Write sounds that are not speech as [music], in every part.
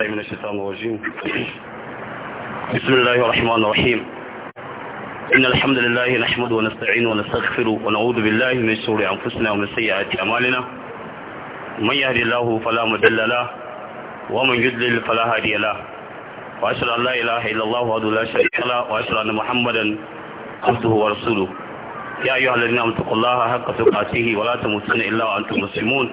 من الشيطان الرجيم بسم الله الرحمن الرحيم إن الحمد لله نحمد ونستعين ونستغفر ونعوذ بالله من شرور أنفسنا ومن سيئات أعمالنا من يهدي الله فلا مضل له ومن يضلل فلا هادي له وأشهد أن لا إله إلا الله وحده لا شريك له وأشهد أن محمدا عبده ورسوله يا أيها الذين آمنوا اتقوا الله حق تقاته ولا تموتن إلا وأنتم مسلمون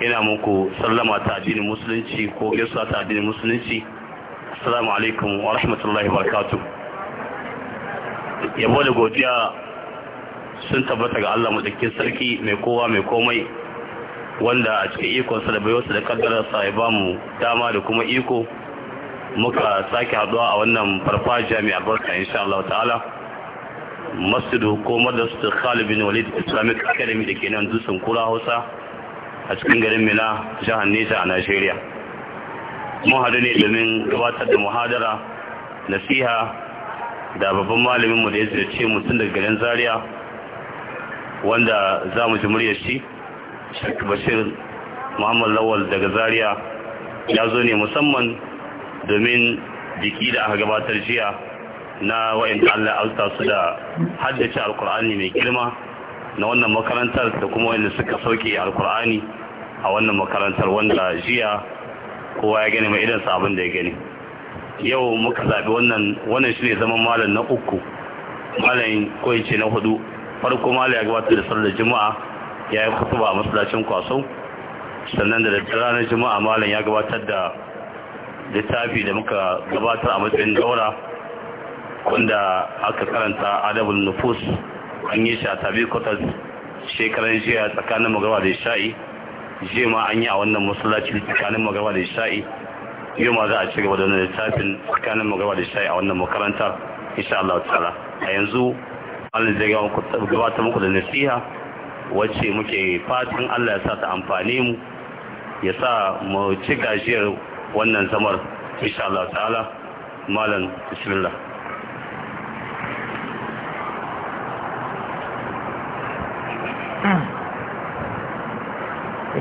ina muku sallama ta addinin musulunci ko gaisuwa ta addinin musulunci assalamu alaikum wa rahmatullahi barakatuh yabo da godiya sun tabbata ga Allah mutakin sarki mai kowa mai komai wanda a cikin iko da baiwarsa da kaddararsa ya bamu dama da kuma iko muka sake haduwa a wannan farfajiya jami'a barka insha Allah ta'ala masjidu ko madrasatul Khalid bin Walid Islamic Academy da ke nan dusun kura Hausa a cikin garin Mina jihar Nisa a Najeriya mun haɗu ne domin gabatar da muhadara nasiha da babban malamin mu da ya mu mutum daga garin Zaria wanda za mu ji muryar shi Sheikh Bashir Muhammad Lawal daga Zaria ya zo ne musamman domin jiki da aka gabatar jiya na wa'inda Allah alta su da haddace alkur'ani mai girma na wannan makarantar da kuma wanda suka sauke alkur'ani a wannan makarantar wanda jiya kowa ya gani mai idan sabon da ya gani yau muka zaɓi wannan wannan shi ne zaman malam na uku malam ko ce na hudu farko malam ya gabatar da sallar juma'a ya yi kutuba a masallacin kwaso sannan da daddare ranar juma'a malam ya gabatar da littafi da muka gabatar a matsayin daura wanda aka karanta adabul nufus an yi shi a tabi kwatas shekaran jiya tsakanin magawa da sha'i je ma an yi a wannan masallaci tsakanin magaba da isha'i yau ma za a ci gaba da wannan littafin tsakanin magaba da isha'i a wannan makaranta insha Allah ta'ala a yanzu Allah zai gabatar muku da nasiha wacce muke fatan Allah ya sa ta amfane mu ya sa mu ci gajiyar wannan zamar insha Allah ta'ala malam bismillah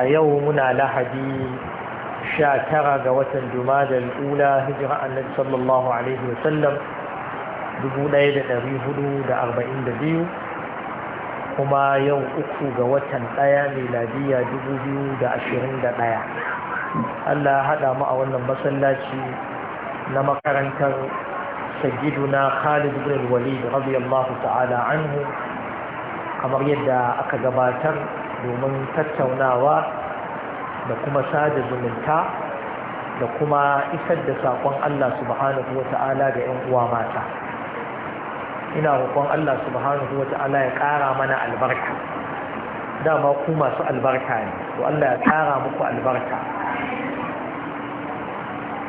a yau muna lahadi sha tara ga watan jumadar ula hijira annabi sallallahu alaihi wasallam 1442 kuma yau uku ga watan ɗaya da 2021 Allah ya haɗa mu a wannan masallaci na makarantar na Khalid bin Walid radiyallahu ta'ala anhu kamar yadda aka gabatar domin tattaunawa da kuma sada zumunta da kuma isar da saƙon Allah subhanahu wa ta'ala ga 'yan uwa mata ina roƙon Allah subhanahu wa ta'ala ya ƙara mana albarka dama ku masu albarka ne to Allah ya ƙara muku albarka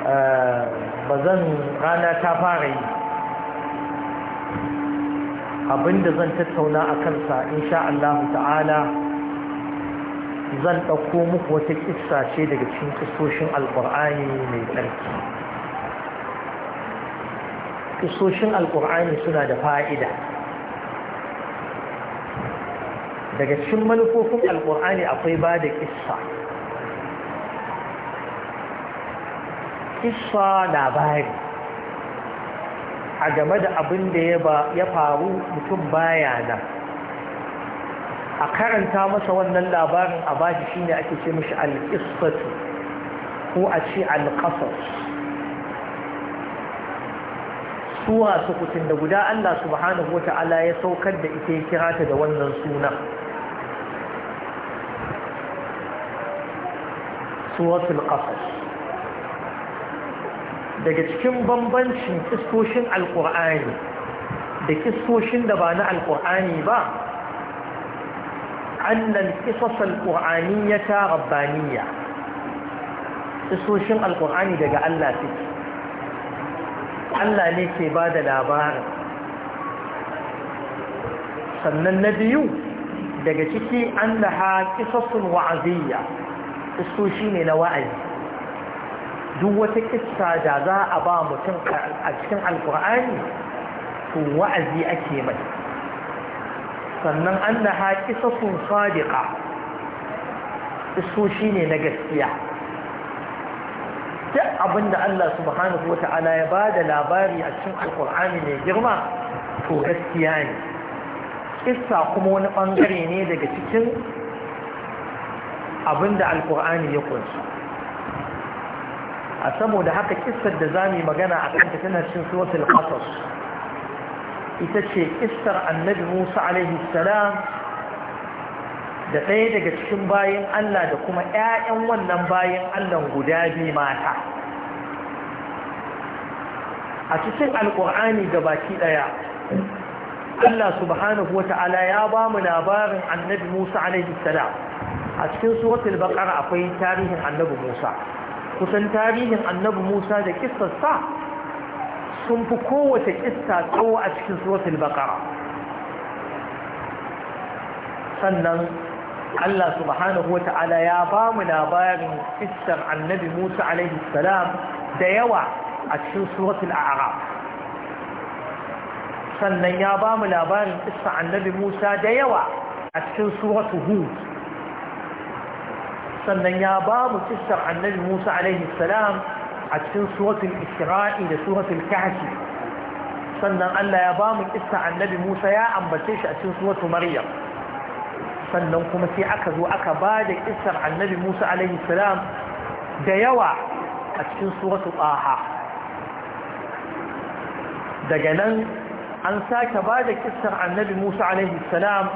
eh, ba zan rana ta fara yi abinda zan tattauna a kansa insha Allah ta'ala zan ɗauko muku wata ƙisa ce daga cikin ƙisoshin alƙur'ani mai tsarki ƙisoshin alƙur'ani suna da fa'ida daga cikin manufofin alƙur'ani akwai ba da ƙisa na bari. a game da abin da ya faru mutum baya nan a karanta masa wannan labarin a bashi shine ake ce mashi alƙisfatu ko a ce alƙasar suwa sukutun da guda Allah subhanahu Ta'ala ya saukar da ita ya kira ta da wannan suna suwatul ƙasar daga cikin bambancin kistoshin alƙur'ani da kistoshin da ba na alƙur'ani ba أن القصص القرآنية ربانية قصص القرآن دقى الله فيك الله ليك بعد الأبار سنة النبي دقى تكي أنها قصص وعزية قصصين نوائز دوة قصة جزاء أبا متنقى أجتمع القرآن وعزي أكيمة sannan an da haƙi sadiƙa isoshi ne na gaskiya duk abinda Allah subhanahu wa ta'ala ya ba da labari a cikin alkur'ani mai girma to gaskiya ne kissa kuma wani ɓangare ne daga cikin abinda alkur'ani ya kunsu. a saboda haka kissar da za mu yi magana a kanta tana cin suratul qasas ita ce istar annabi musa alaihi salam da ɗaya daga cikin bayan allah da kuma 'ya'yan wannan bayan allah guda biyu mata a cikin alƙur'ani da baki ɗaya allah subhanahu wa ta'ala ya ba mu labarin annabi musa alaihi salam a cikin suratul baqara akwai tarihin annabi musa kusan tarihin annabi musa da sa sun fi kowace kissa tsawo a cikin suratul baqara sannan Allah subhanahu wata'ala ya ba mu labarin kissar annabi Musa alaihi salam da yawa a cikin suratul a'raf sannan ya ba mu labarin kissar annabi Musa da yawa a cikin suratul hud sannan ya ba mu kissar annabi Musa alaihi salam a cikin suratul isra'i da suratul kahfi sannan Allah ya ba mu kissa annabi Musa ya ambace shi a cikin suratul maryam sannan kuma sai aka zo aka ba da kissar annabi Musa alaihi salam da yawa a cikin suratul taha daga nan an sake ba da kissar annabi Musa alaihi salam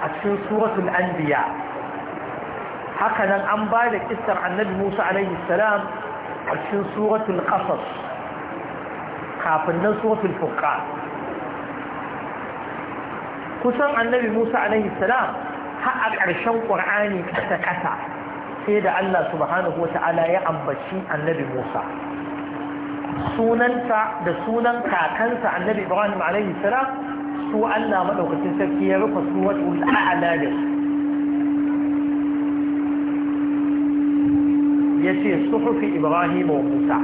a cikin suratul anbiya haka nan an ba da kissar annabi Musa alaihi salam a suratul qasas kafin nan suratul furqan kusan annabi Musa alaihi salam har a ƙarshen Ƙur'ani kasa kasa sai da Allah subhanahu wata'ala ya ambaci annabi Musa sunanta da sunan kakansa annabi Ibrahim alaihi salam su Allah maɗaukacin sarki ya rufe suratul a'la da su ya ce suhufi ibrahim wa musa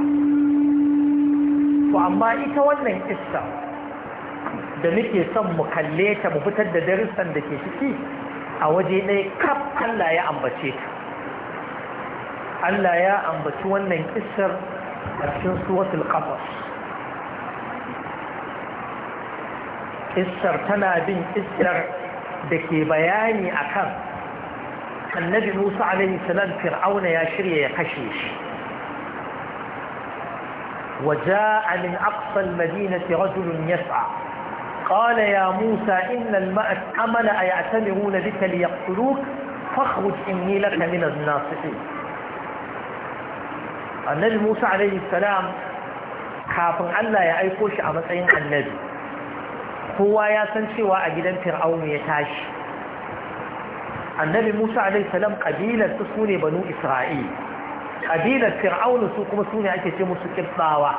to amma ita wannan kissa da nake son mu kalle ta mu fitar da darussan da ke ciki a waje ɗaya kaf Allah ya ambace ta Allah ya ambaci wannan kissar a cikin suwatul qasas kissar tana bin kissar da ke bayani akan النبي موسى عليه السلام فرعون يا يا يحشيش وجاء من أقصى المدينة رجل يسعى قال يا موسى إن الأمل أيعتمرون بك ليقتلوك فاخرج إني لك من الناصحين النبي موسى عليه السلام كافر ألا يأيكوش أمسعين النبي هو ياسن سوى أجدا فرعون يتاشي annabi musa alaihissalam ƙabilar su su ne banu isra'il ƙabilar fir'aunu su kuma su ne ake ce musu ƙirtsawa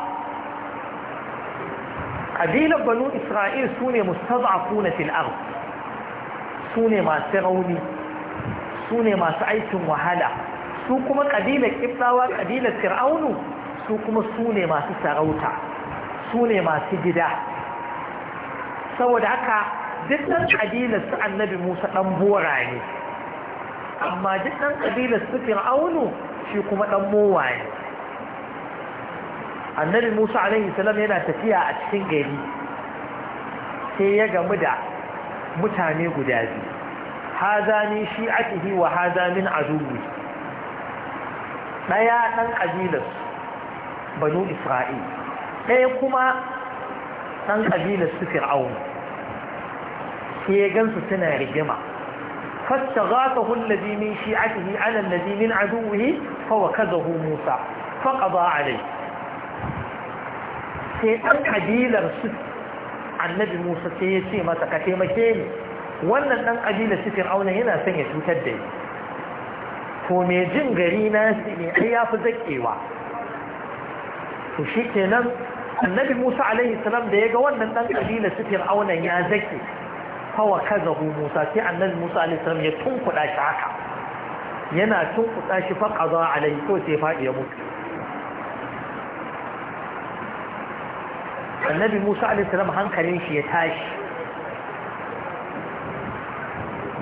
ƙabilar banu isra'il su ne mustazafu na fil'ar su ne masu rauni su ne masu aikin wahala su kuma ƙabilar ƙirtsawa ƙabilar fir'aunu su kuma su ne masu sarauta su ne masu gida saboda haka duk ɗan ƙabilar su annabi musa ɗan bora ne amma duk ɗan ƙabilar su fir'aunu shi kuma ɗan mowa ne annabi musa alaihi salam yana tafiya a cikin gari sai ya gamu da mutane guda biyu haza min wa haza min ɗaya ɗan ƙabilar banu isra'il ɗaya kuma ɗan ƙabilar su fir'aunu sai ya gansu suna rigima فاستغاثه الذي من شيعته على الذي من عدوه فوكزه موسى فقضى عليه sai ɗan ƙabilar su annabi musa sai ya ce masa ka taimake ni wannan ɗan ƙabilar su fir'auna yana son ya cutar da ni to me jin gari na ne ai ya fi zaƙewa to shi kenan annabi musa alaihi da ya ga wannan ɗan ƙabilar fir'auna ya zaƙe fawa kaza musa sai annabi musa alaihissalam ya tunkuɗa shi haka yana tunkuɗa shi faƙaza alaihi ko sai faɗi ya mutu annabi musa alaihissalam hankalin shi ya tashi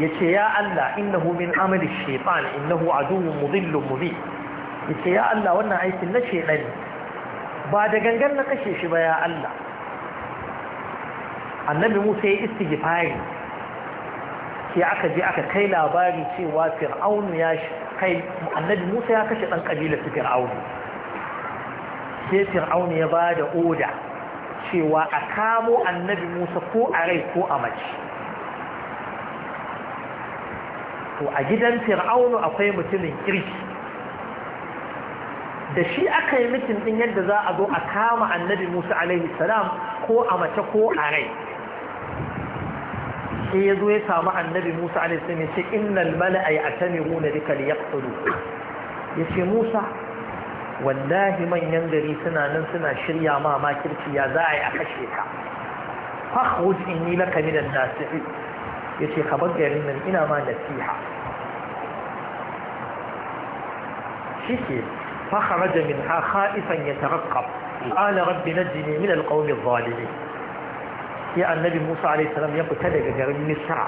ya ce ya Allah innahu min amali shaitan innahu aduwwun mudillun mubin ya ce ya Allah wannan aikin na shaitan ba da gangan na kashe shi ba ya Allah annabi musa ya istighfari sai aka je aka kai labari cewa fir'aunu ya kai annabi musa ya kashe ɗan ƙabilar su fir'aunu sai fir'aunu ya ba da oda cewa a kamo annabi musa ko a rai ko a mace to a gidan fir'aunu akwai mutumin kirki da shi aka yi ɗin yadda za a zo a kama annabi musa alaihi salam ko a mace ko a rai يدوي سامع النبي موسى عليه السلام إن الملأ يعتمرون بك ليقتلوا يسي موسى والله من ينظري سنة ننسنا شريا ما ما كرتي يا داعي أخشيك فاخرج إني لك من الناس يسي خبرك من إنا ما نسيها شكي فخرج منها خائفا يترقب قال رب نجني من القوم الظالمين sai annabi musa alaihissalam ya fita daga garin misra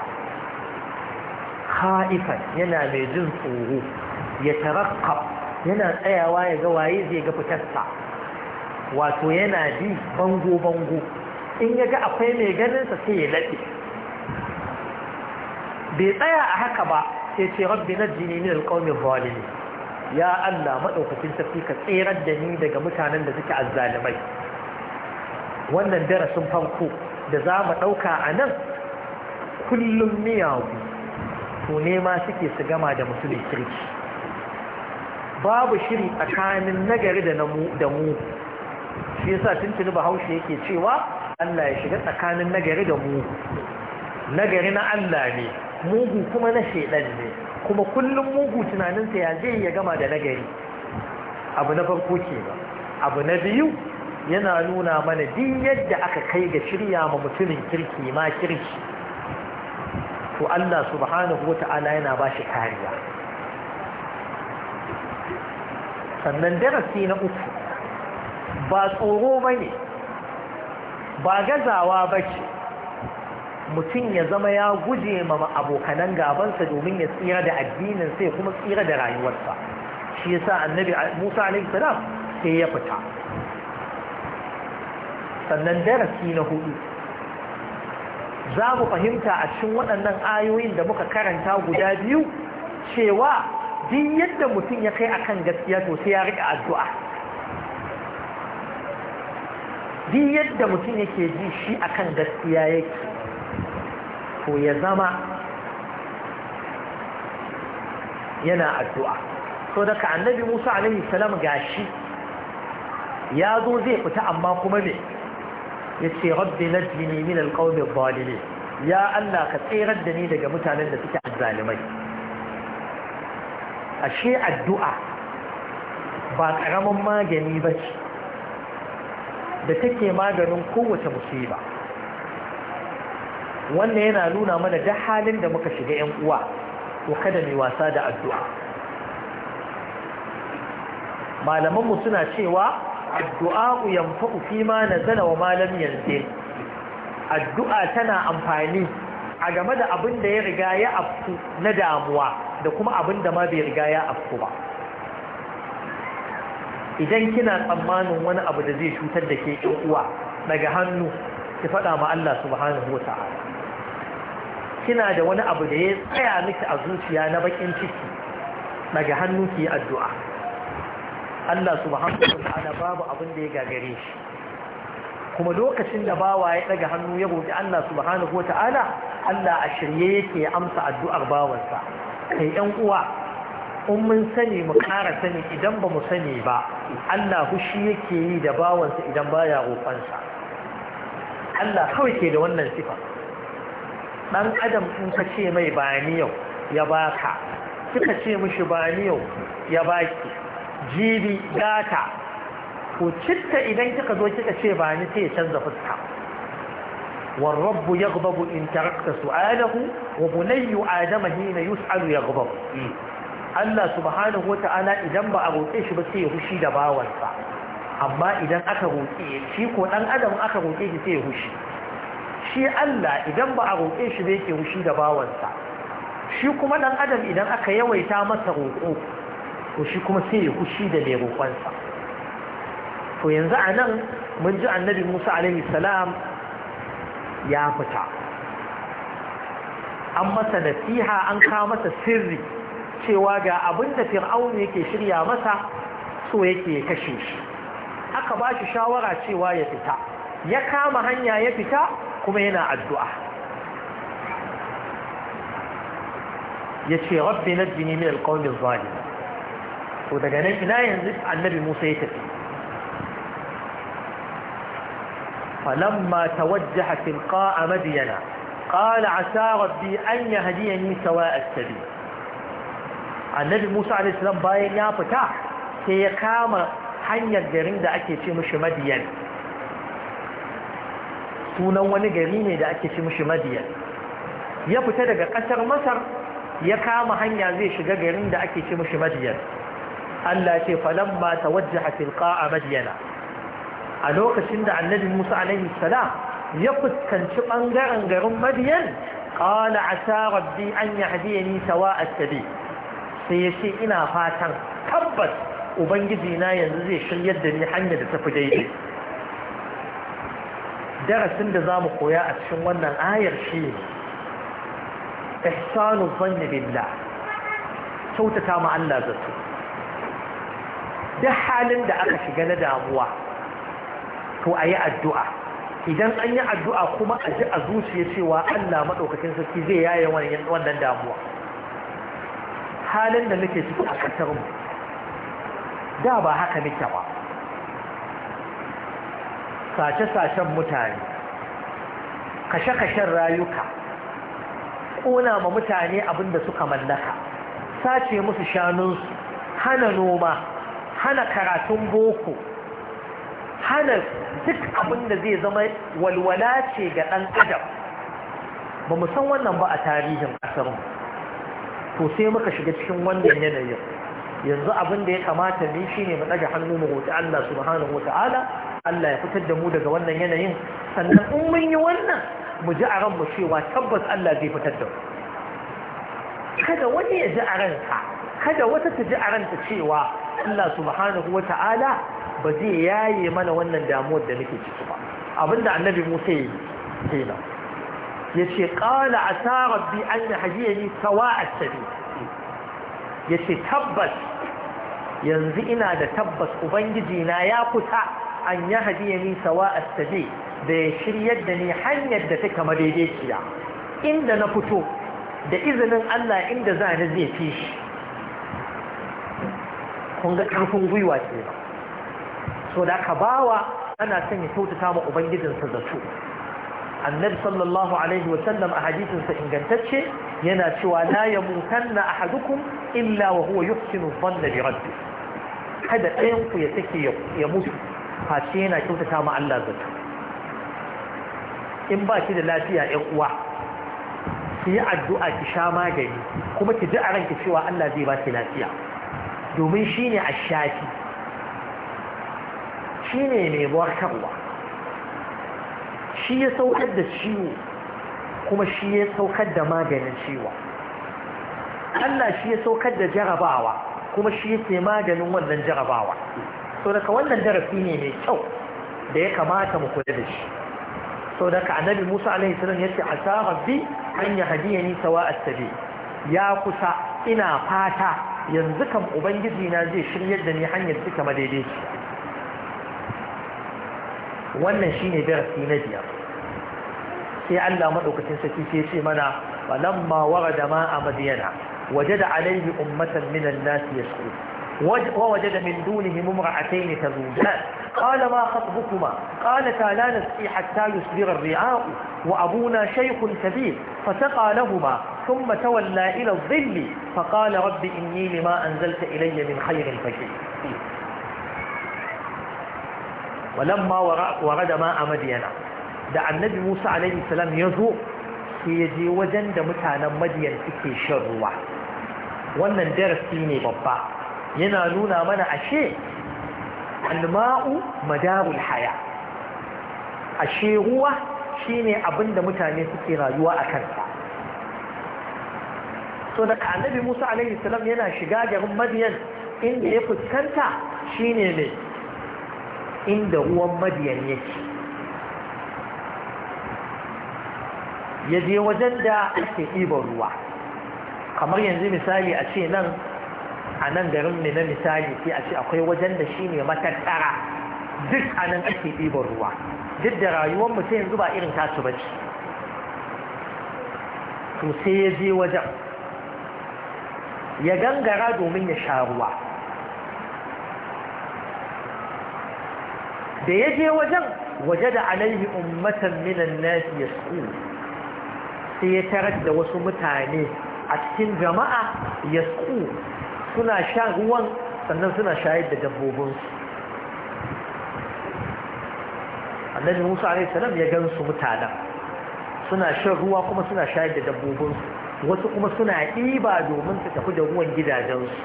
haifan yana mai jin tsoro ya tarakka yana tsayawa ya ga waye zai ga fitarsa wato yana bi bango-bango in ya ga akwai mai ganinsa sai ya laɗe bai tsaya a haka ba sai ce rabbi na jini ne alƙaunin ne. ya Allah maɗaukacin tafi ka tserar da ni daga mutanen da suke azzalimai wannan darasin farko da za mu ɗauka a nan kullum miyagu to nema suke su gama da mutumin kirki babu shiri tsakanin nagari da mu shi yasa tuntuni bahaushe yake cewa Allah ya shiga tsakanin nagari da mu nagari na Allah ne mugu kuma na shaidan ne kuma kullum mugu tunaninsa ya zai ya gama da nagari abu na farko ke ba abu na biyu yana nuna mana din yadda aka kai ga shirya ma mutumin kirki ma kirki to Allah subhanahu wa ta'ala yana ba shi kariya sannan darasi na uku ba tsoro ba ne ba gazawa ba ce mutum ya zama ya guje ma abokanan gabansa domin ya tsira da addinin sai kuma tsira da rayuwarsa shi yasa annabi Musa alaihi salam sai ya fita sannan darasi na hudu za mu fahimta a cikin waɗannan ayoyin da muka karanta guda biyu cewa din yadda mutum ya kai akan gaskiya to sai ya riƙa addu'a din yadda mutum yake ji shi akan gaskiya yake to ya zama yana addu'a so daga annabi musa alaihi salam gashi ya zo zai fita amma kuma mai yace rabbi najini min alqawmi adh ya Allah ka tsirar da ni daga mutanen da suke azzalumai. ashe addu'a ba ƙaramin magani ba ce da take maganin kowace musiba wannan yana nuna mana da halin da muka shiga 'yan uwa ko kada mai wasa da addu'a malamanmu suna cewa addu'a yanfa'u fi ma na zana wa malam yanzu addu'a tana amfani a game da abin da ya riga ya afku na damuwa da kuma abin da ma bai riga ya afku ba idan kina tsammanin wani abu da zai cutar da ke ɗan uwa daga hannu ki faɗa ma Allah subhanahu wa ta'ala kina da wani abu da ya tsaya miki a zuciya na bakin ciki daga hannu ki yi addu'a Allah subhanahu wa ta'ala babu abin da ya gagare shi kuma lokacin da bawa ya ɗaga hannu ya roƙi Allah subhanahu wa ta'ala Allah a shirye yake amsa addu'ar bawansa kai yan uwa in mun sani mu ƙara sani idan ba mu sani ba Allah hushi yake yi da bawansa idan baya roƙonsa Allah kawai ke da wannan sifa dan adam in ka ce mai ba ni yau ya baka kika ce mishi ba ni yau ya baki jibi data ko citta idan kika zo kika ce ba ni sai ya canza fuska والرب يغضب إن تركت سؤاله وبني آدم حين يسأل يغضب Allah subhanahu wata'ala idan ba a roƙe shi ba sai ya hushi da bawansa amma idan aka roƙe shi ko ɗan adam aka roƙe shi sai ya hushi shi Allah idan ba a roƙe shi ba yake hushi da bawansa shi kuma ɗan adam idan aka yawaita masa roƙo to shi kuma sai ya kushi da mai roƙonsa to yanzu a nan mun ji annabi musa alaihi salam ya fita an masa nasiha an ka masa sirri cewa ga abin da fir'aun yake shirya masa so yake ya kashe shi aka ba shi shawara cewa ya fita ya kama hanya ya fita kuma yana addu'a ya ce rabbi na jini min alƙaunin zalimi وده جناي لا ينزف عن النبي موسى يتفي فلما توجه تلقاء مدينة قال عسى ربي أن يهديني سواء السبيل النبي موسى عليه السلام باين يا فتاح سيقام حنيا الجرين دا أكي في مش مدين سنوان جرين دا أكي في مش مدين يا فتاح قصر مصر يقام حنيا زي شجا جرين دا أكي في مش مدين Allah ce falamma tawajjaha tilqa'a madyana a lokacin da annabi Musa alaihi salam ya fuskanci bangaren garin Madyan qala asa rabbi an yahdiyani sawa'a sabil sai yace ina fatan tabbas ubangiji na yanzu zai shiryar da ni hanyar da tafi daidai darasin da zamu koya a cikin wannan ayar shi ihsanu dhanni billah kyautata ma Allah zato duk halin da aka shiga na damuwa to a yi addu'a idan an yi addu'a kuma a ji a zuciya cewa Allah maɗaukakin sarki zai yaye wannan damuwa halin da muke ciki a ƙasarmu da ba haka muke ba sace-sacen mutane kashe-kashen rayuka ƙona ma mutane abinda suka mallaka sace musu shanunsu hana noma hana karatun boko hana duk abin da zai zama walwala ce ga ɗan adam ba mu san wannan ba a tarihin ƙasarmu to sai muka shiga cikin wannan yanayin yanzu abin da ya kamata ne shine mu ɗaga hannu mu roƙi Allah subhanahu wa ta'ala Allah ya fitar da mu daga wannan yanayin sannan in mun yi wannan mu ji a ranmu cewa tabbas Allah zai fitar da mu kada wani ya ji a ranka kada wata ta ji a ranta cewa Allah subhanahu wa ta'ala ba zai yaye mana wannan damuwar da nake ciki ba abinda annabi Musa yi kenan yace qala asa rabbi an yahdiyani sawa'a Ya ce tabbas yanzu ina da tabbas ubangiji na ya kusa an yahdiyani sawa'a sabil da ya shiryar da ni hanyar da take madaidaiciya inda na fito da izinin Allah inda za ni zai fi shi kun ga ƙarfin gwiwa ce so da aka bawa ana son ya kyautata ma ubangijinsa zato annabi sallallahu alaihi wasallam a hadisinsa ingantacce yana cewa la yamutanna ahadukum illa wa huwa yuhsinu dhanna bi rabbi kada ɗayan ku ya take ya mutu face yana kyautata ma Allah zato in ba shi da lafiya ƴan uwa ki yi addu'a ki sha magani kuma ki ji a ranki cewa Allah zai ba ki lafiya domin shi ne a shafi shi ne mai warkarwa shi ya saukar da ciwo kuma shi ya saukar da maganin ciwo Allah shi ya saukar da jarabawa kuma shi yake maganin wannan jarabawa so daga wannan darasi ne mai kyau da ya kamata mu kula da shi so daga annabi Musa alaihi salam yace asa rabbi an hadiyani sawa a ya kusa ina fata yanzu kam ubangiji na zai shiryar da ni hanyar suka madaidaici wannan shine darasi na biyar sai Allah maɗaukacin sarki sai ce mana wara da ma a madiyana wajada alaihi ummatan minan nas yasqut ووجد من دونهم امرأتين تذودان قال ما خطبكما قالتا لا نسقي حتى يسبر الرعاء وأبونا شيخ كبير فسقى لهما ثم تولى إلى الظل فقال رب إني لما أنزلت إلي من خير فكير ولما ورد ماء مدينة دع النبي موسى عليه السلام يزور يدي وجند متانا مدين في شروع وانا wannan darasi yana nuna mana ashe alma'u madarul haya ashe ruwa shine abin da mutane suke rayuwa a kansa so da annabi Musa alaihi salam yana shiga garin Madiyan inda ya fuskanta shine ne inda ruwan Madiyan yake ya je wajen da ake ɗiban ruwa kamar yanzu misali a ce nan a nan garin ne na misali sai a ce akwai wajen da shi ne matattara duk a nan ake ɗiban ruwa duk da rayuwar mutum ta yanzu ba irin tasu ba ce to sai ya je wajen ya gangara domin ya sha ruwa da ya je wajen waje da alaihi ummatan minan nasi ya sai ya tarar da wasu mutane a cikin jama'a ya suna shan ruwan sannan suna shayar da dabbobinsu annabi musa alaihissalam ya gan su mutanen suna shan ruwa kuma suna shayar da dabbobinsu wasu kuma suna ɗiba domin su tafi da ruwan gidajensu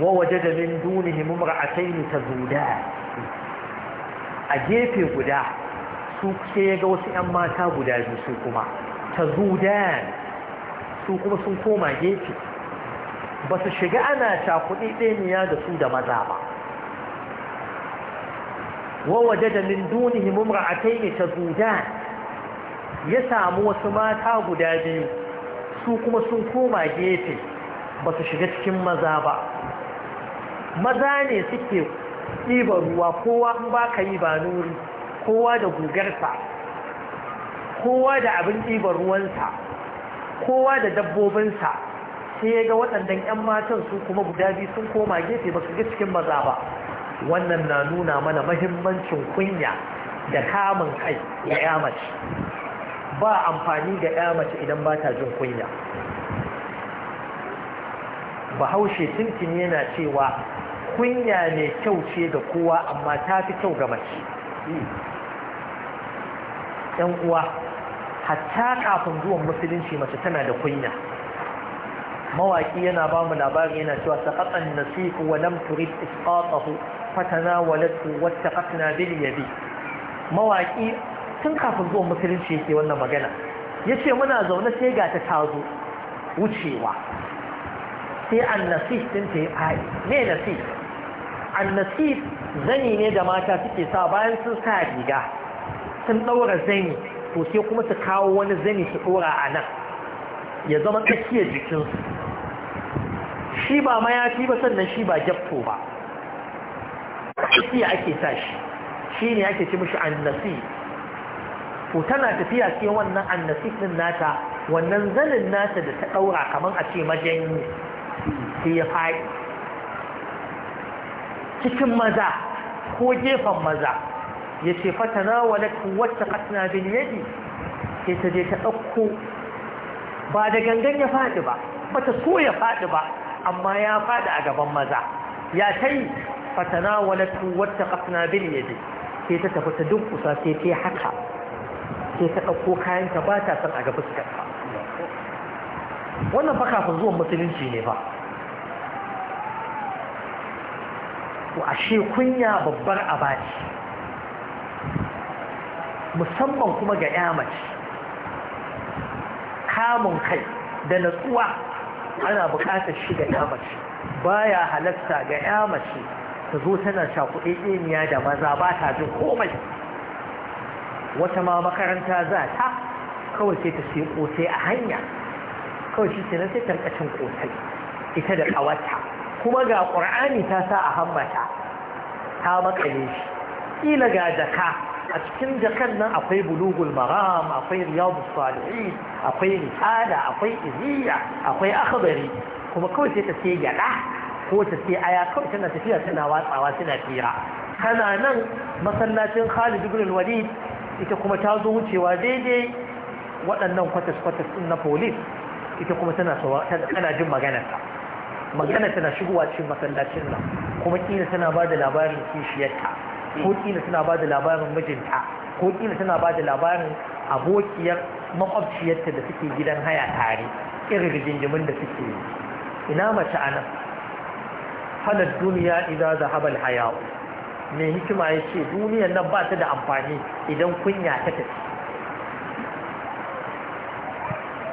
wawaje da min dunihim ta zuda. a gefe guda su sai ga wasu 'yan mata guda biyu su kuma ta zuda. su kuma sun koma gefe ba su shiga ana cakuɗi ɗaniya da su da maza ba wawaje da min dunihi mumra'atai ne ta zuda ya samu wasu mata guda biyu su kuma sun koma gefe ba su shiga cikin maza ba maza ne suke ɗiban ruwa kowa in ba ka yi ba nuri kowa da gugarsa kowa da abin ɗiban ruwansa kowa da dabbobinsa sai ya ga waɗannan 'yan matan su kuma guda biyu sun koma gefe ba su ga cikin maza ba wannan na nuna mana mahimmancin kunya da kamun kai 'ya mace ba amfani ga 'ya mace idan ba ta jin kunya bahaushe tuntun yana cewa kunya ne kyau ce ga kowa amma ta fi kyau ga mace ‘yan uwa hatta kafin zuwan musulunci mace tana da kunya mawaki yana ba mu labari yana cewa saqatan Nasifu wa lam turid isqatahu walatu wattaqatna bil yadi mawaki tun kafin zuwan musulunci yake wannan magana yace muna zaune sai ga ta tazo wucewa sai nasif din ta yi fai ne nasif An Nasif zani ne da mata suke sa bayan sun sa riga sun daura zani to sai kuma su kawo wani zani su tsora a nan ya zama tsakiyar jikinsu shi ba mayafi ba sannan shi ba gyafto ba tsakiya ake sa shi ne ake ci mashi annasi to tana tafiya sai wannan annasi din nata wannan zanin nata da ta daura kamar a ce majanyi sai ya fa'i cikin maza ko gefen maza ya ce fatana walatu wata katna bin yadi sai ta je ta ɗauko ba da gangan ya faɗi ba ba ta so ya faɗi ba amma ya faɗi a gaban maza ya ta yi fatana walatu wata katna bin yadi sai ta tafi ta dunkusa sai ta haka sai ta ɗauko kayanta ba ta son a ga fuskarta wannan baka kafin zuwan musulunci ne ba ashe kunya babbar abaci musamman kuma ga yamaci kamun kai da natsuwa ana bukatar shi ga yamaci baya halatta ga yamaci ta zo tana shakuɗe ɗeniya da maza ba ta jin komai wata ma makaranta za ta kawai sai ta sai ƙotai a hanya kawai shi sai na sai tarkacin ƙotai ita da ƙawarta. kuma ga ƙur'ani ta sa a hammata ta makale shi kila ga jaka a cikin jakan nan akwai bulugul maram akwai riyadu salihin akwai risala akwai iziya akwai akhbari kuma kawai sai ta sai gyada ko ta sai aya kawai tana tafiya tana watsawa tana fira kana nan masallacin Khalid ibn Walid ita kuma ta zo wucewa daidai waɗannan kwatas kwatas din na folis, ita kuma tana tana jin maganar ta magana tana shigowa cikin masallacin nan kuma kila tana ba da labarin kishiyarta ko kila suna ba da labarin mijinta ko kila suna ba da labarin abokiyar makwabciyarta da suke gidan haya tare irin rigingimin da suke yi ina mace a nan halar duniya idan haɓar hayawo mai hikima ya ce duniyar nan ba ta da amfani idan kunya ta tafi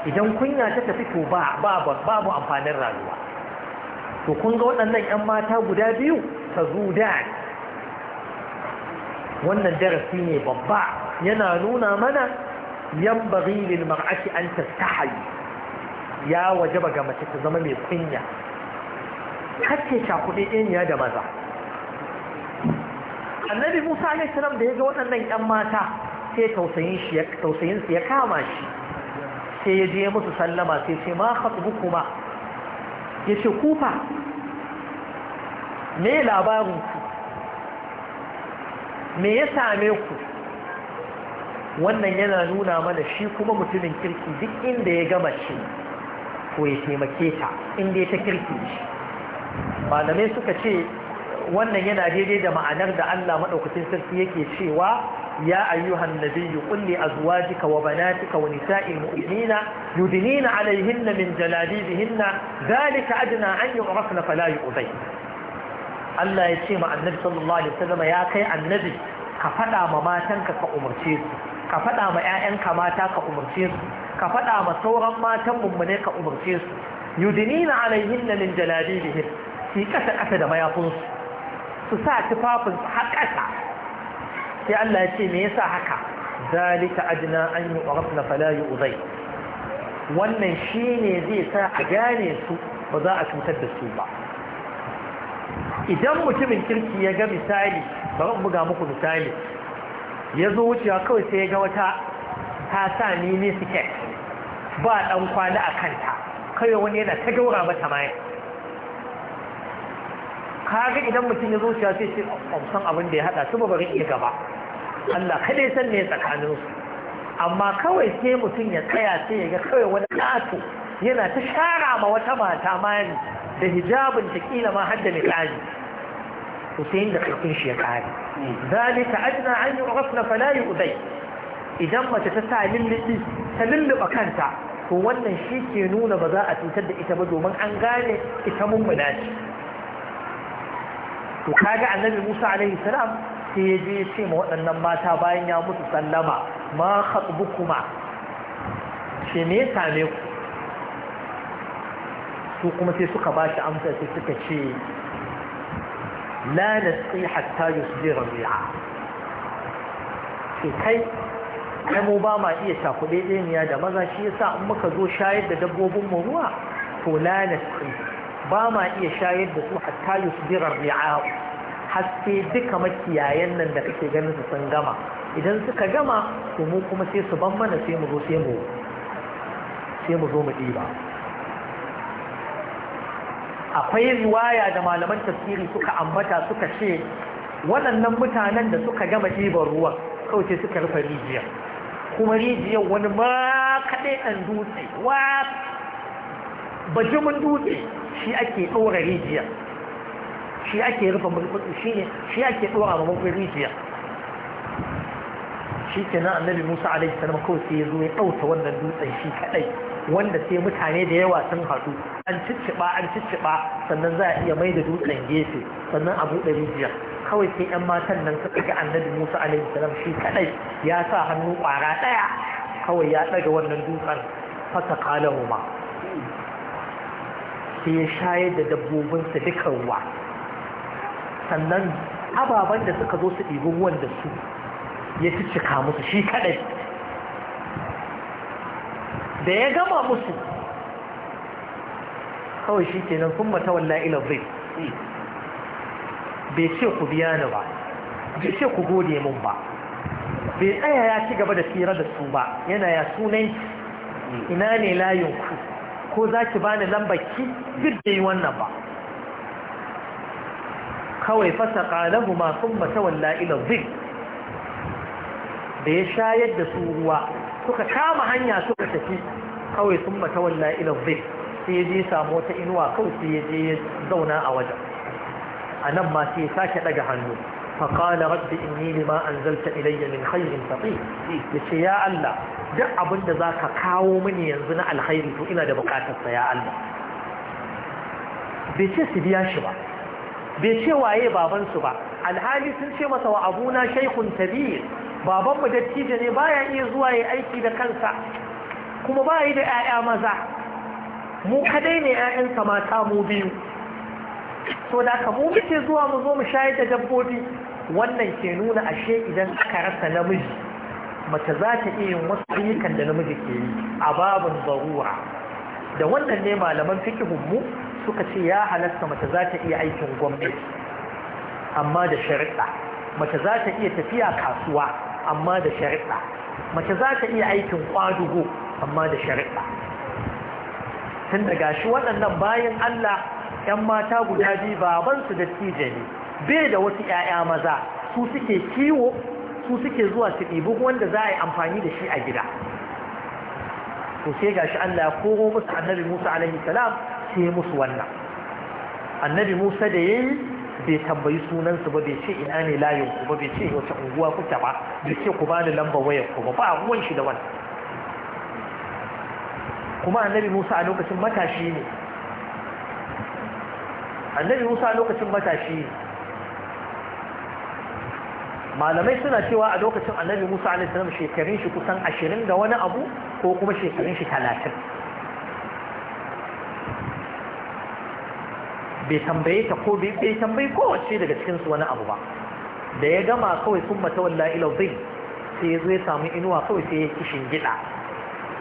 idan kunya ta tafi to ba babu amfanin rayuwa to kun ga waɗannan 'yan mata guda biyu ta zuda wannan darasi ne babba yana nuna mana yambari lil mar'ati an tastahi ya wajaba ga mace ta zama mai kunya kace ta kudi ya da maza annabi Musa alaihi salam da ya ga waɗannan 'yan mata sai tausayin ya kama shi sai ya je musu sallama sai ce ma ya yace kufa me labarin ku me ya same ku wannan yana nuna mana shi kuma mutumin kirki duk inda ya gama ce ko ya taimake ta inda ya ta kirki shi malamai suka ce wannan yana daidai da ma'anar da Allah maɗaukacin sarki yake cewa ya ayyuhan nabiyyu qul li azwajika wa banatika wa nisa'il mu'minina yudnina 'alayhinna min jalabibihinna dhalika adna an yu'rafna fala yu'dhayna Allah ya ce ma annabi sallallahu alaihi wasallam ya kai annabi ka faɗa ma matanka ka umarce su ka faɗa ma 'ya'yanka mata ka umarce su ka faɗa ma sauran matan mummune ka umarce su yudinina alaihinna min jalabibihim su kasa kasa da mayafinsu su sa tufafin har kasa sai Allah ya ce me yasa haka zalika ajna an yu'rafna fala yu'zai wannan shine zai sa a gane su ba za a cutar da su ba idan mutumin kirki ya ga misali bari buga muku misali ya zo wucewa kawai sai ya ga wata ta sa ni ne suke ba dan kwali a kanta kawai wani yana ta gaura ta mai kaga idan mutum ya zo wucewa sai shi oh, san abin da ya hada su ba bari iya gaba Allah kada ya san ne tsakanin su amma kawai sai mutum ya tsaya sai ya ga kawai wani ƙato yana ta shara ma wata mata mani da hijabin ta kila ma hadda ƙari. Hussein da ƙarfin shi ya kare zalika adna an yu'rafna fala yu'dai idan mace ta sa ta kanta to wannan shi ke nuna ba za a cutar da ita ba domin an gane ita mummuna ce to kaga annabi Musa alaihi salam sai ya je ce ma waɗannan mata bayan ya mutu sallama ma bukuma ce me ya same ku su kuma sai suka ba shi amsa sai suka ce la tsi hatta jera rabi'a sai kai kai mu ba ma iya cakuɗe niya da maza shi ya sa in muka zo shayar da dabbobin mu ruwa to la tsi ba ma iya shayar da su hatta yusbi ri'a haske duka makiyayen nan da kake ganin su sun gama idan suka gama to mu kuma sai su ban mana sai mu zo sai mu sai mu zo mu ɗiba akwai riwaya da malaman tafsiri suka ambata suka ce waɗannan mutanen da suka gama ɗibar ruwa kauce suka rufe rijiya kuma rijiyar wani ma kaɗai ɗan dutse wa bajimin dutse shi ake ɗora rijiya shi ake rufe mulkutu shi ne shi ake ɗora ma mulkun rijiya shi ke nan annabi musa alaihi salam kawai sai ya zo ya ɗauta wannan dutsen shi kaɗai wanda sai mutane da yawa sun haɗu an cicciɓa an cicciɓa sannan za a iya mai da dutsen gefe sannan a buɗe rijiya kawai sai yan matan nan suka ga annabi musa alaihi salam shi kadai ya sa hannu ƙwara ɗaya kawai ya ɗaga wannan dutsen fata ma sai ya shayar da dabbobinsa duka ruwa sannan ababen da suka zo su ɗibi ruwan da su ya cicci musu shi kadai da ya gama musu kawai shi ke nan sun mata walla ilazai bai ce ku biya ni ba bai ce ku gode mun ba bai tsaya ya ci gaba da tsira da su ba yana ya sunan ina ne layinku ko za ki bani lambaki duk da yi wannan ba kawai fasa ƙalahu masu mata walla ilazai da ya shayar da su ruwa suka kama hanya suka tafi kawai sun mata walla ila zai sai ya je samu wata inuwa kawai sai ya je ya zauna a wajen a nan ma sai ya sake daga hannu فقال رب إني لما أنزلت إلي من خير Ya ce ya Allah duk abin da za ka kawo mini yanzu na alkhairi to ina da sa ya Allah bai ce su biya shi ba bai ce waye babansu ba alhali sun ce masa wa abuna shaikhun tabir babanmu dattijo ne baya iya zuwa ya aiki da kansa kuma ba yi da 'ya'ya maza mu kadai ne 'ya'yansa mata mu biyu so da ka mu muke zuwa mu zo mu shayar da dabbobi wannan ke nuna ashe idan aka rasa namiji mace za ta iya yin wasu ayyukan da namiji ke yi a babin zarura da wannan ne malaman fikihun mu suka ce ya halatta mace za ta iya aikin gwamnati amma da shari'a mace za ta iya tafiya kasuwa amma da shari'a mace za ta iya aikin kwadugo amma da shari'a tun da gashi waɗannan bayan Allah ƴan mata guda biyu babansu da tije ne bai da wasu ƴaƴa maza su suke kiwo su suke zuwa su ɗibi wanda za a yi amfani da shi a gida to sai gashi Allah ya koro musu annabi Musa alaihi salam sai musu wannan annabi Musa da yayi bai tambayi sunansu ba bai ce ina ne layin ku ba bai ce wata unguwa kuke ba bai ce ku bani lamba wayar ku ba ba ruwan shi da wannan kuma annabi Musa a lokacin matashi ne annabi Musa a lokacin matashi ne malamai suna cewa a lokacin annabi Musa a lokacin shekarun shi kusan ashirin da wani abu ko kuma shekarun shi talatin. bai tambaye ta ko bai tambaye kowace daga cikinsu wani abu ba da ya gama kawai sun mata walla ilaubin sai ya zo ya samu inuwa kawai sai ya kishin gida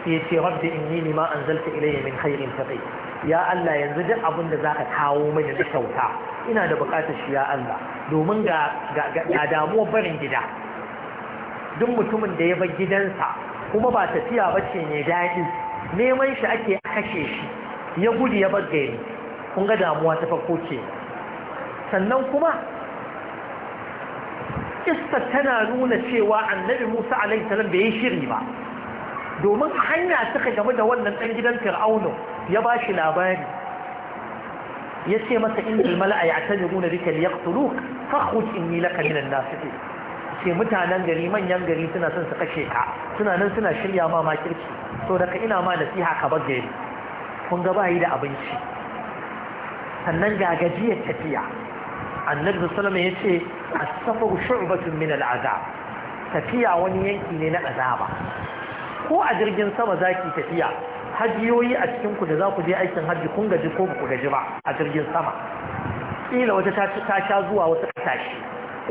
sai ya ce rabbi nima an anzalta ilayya min khairin kai. ya Allah yanzu duk abin da zaka kawo mani na kyauta ina da bukatar shi ya Allah domin ga ga damuwar barin gida duk mutumin da ya bar gidansa kuma ba tafiya bace ne daɗi neman shi ake kashe shi ya gudu ya bar gari kun ga damuwa ta farko ce sannan kuma kista tana nuna cewa annabi musa alaihi salam bai yi shiri ba domin hanya suka game da wannan ɗan gidan fir'aunu ya ba shi labari ya ce masa inda mala'a ya ta nuna rika liya tuluk fahuj in yi laka minan nasu ce mutanen gari manyan gari suna son su kashe ka suna nan suna shirya ma makirci so daga ina ma nasiha ka bar gari kun ga bayi da abinci sannan ga gajiyar tafiya annabi sallama ya ce as-safaru shu'batun min al tafiya wani yanki ne na azaba ko a jirgin sama zaki tafiya hajiyoyi a cikin ku da za ku je aikin haji kun gaji ko ku gaji ba a jirgin sama kila wata ta sha zuwa wasu kasashe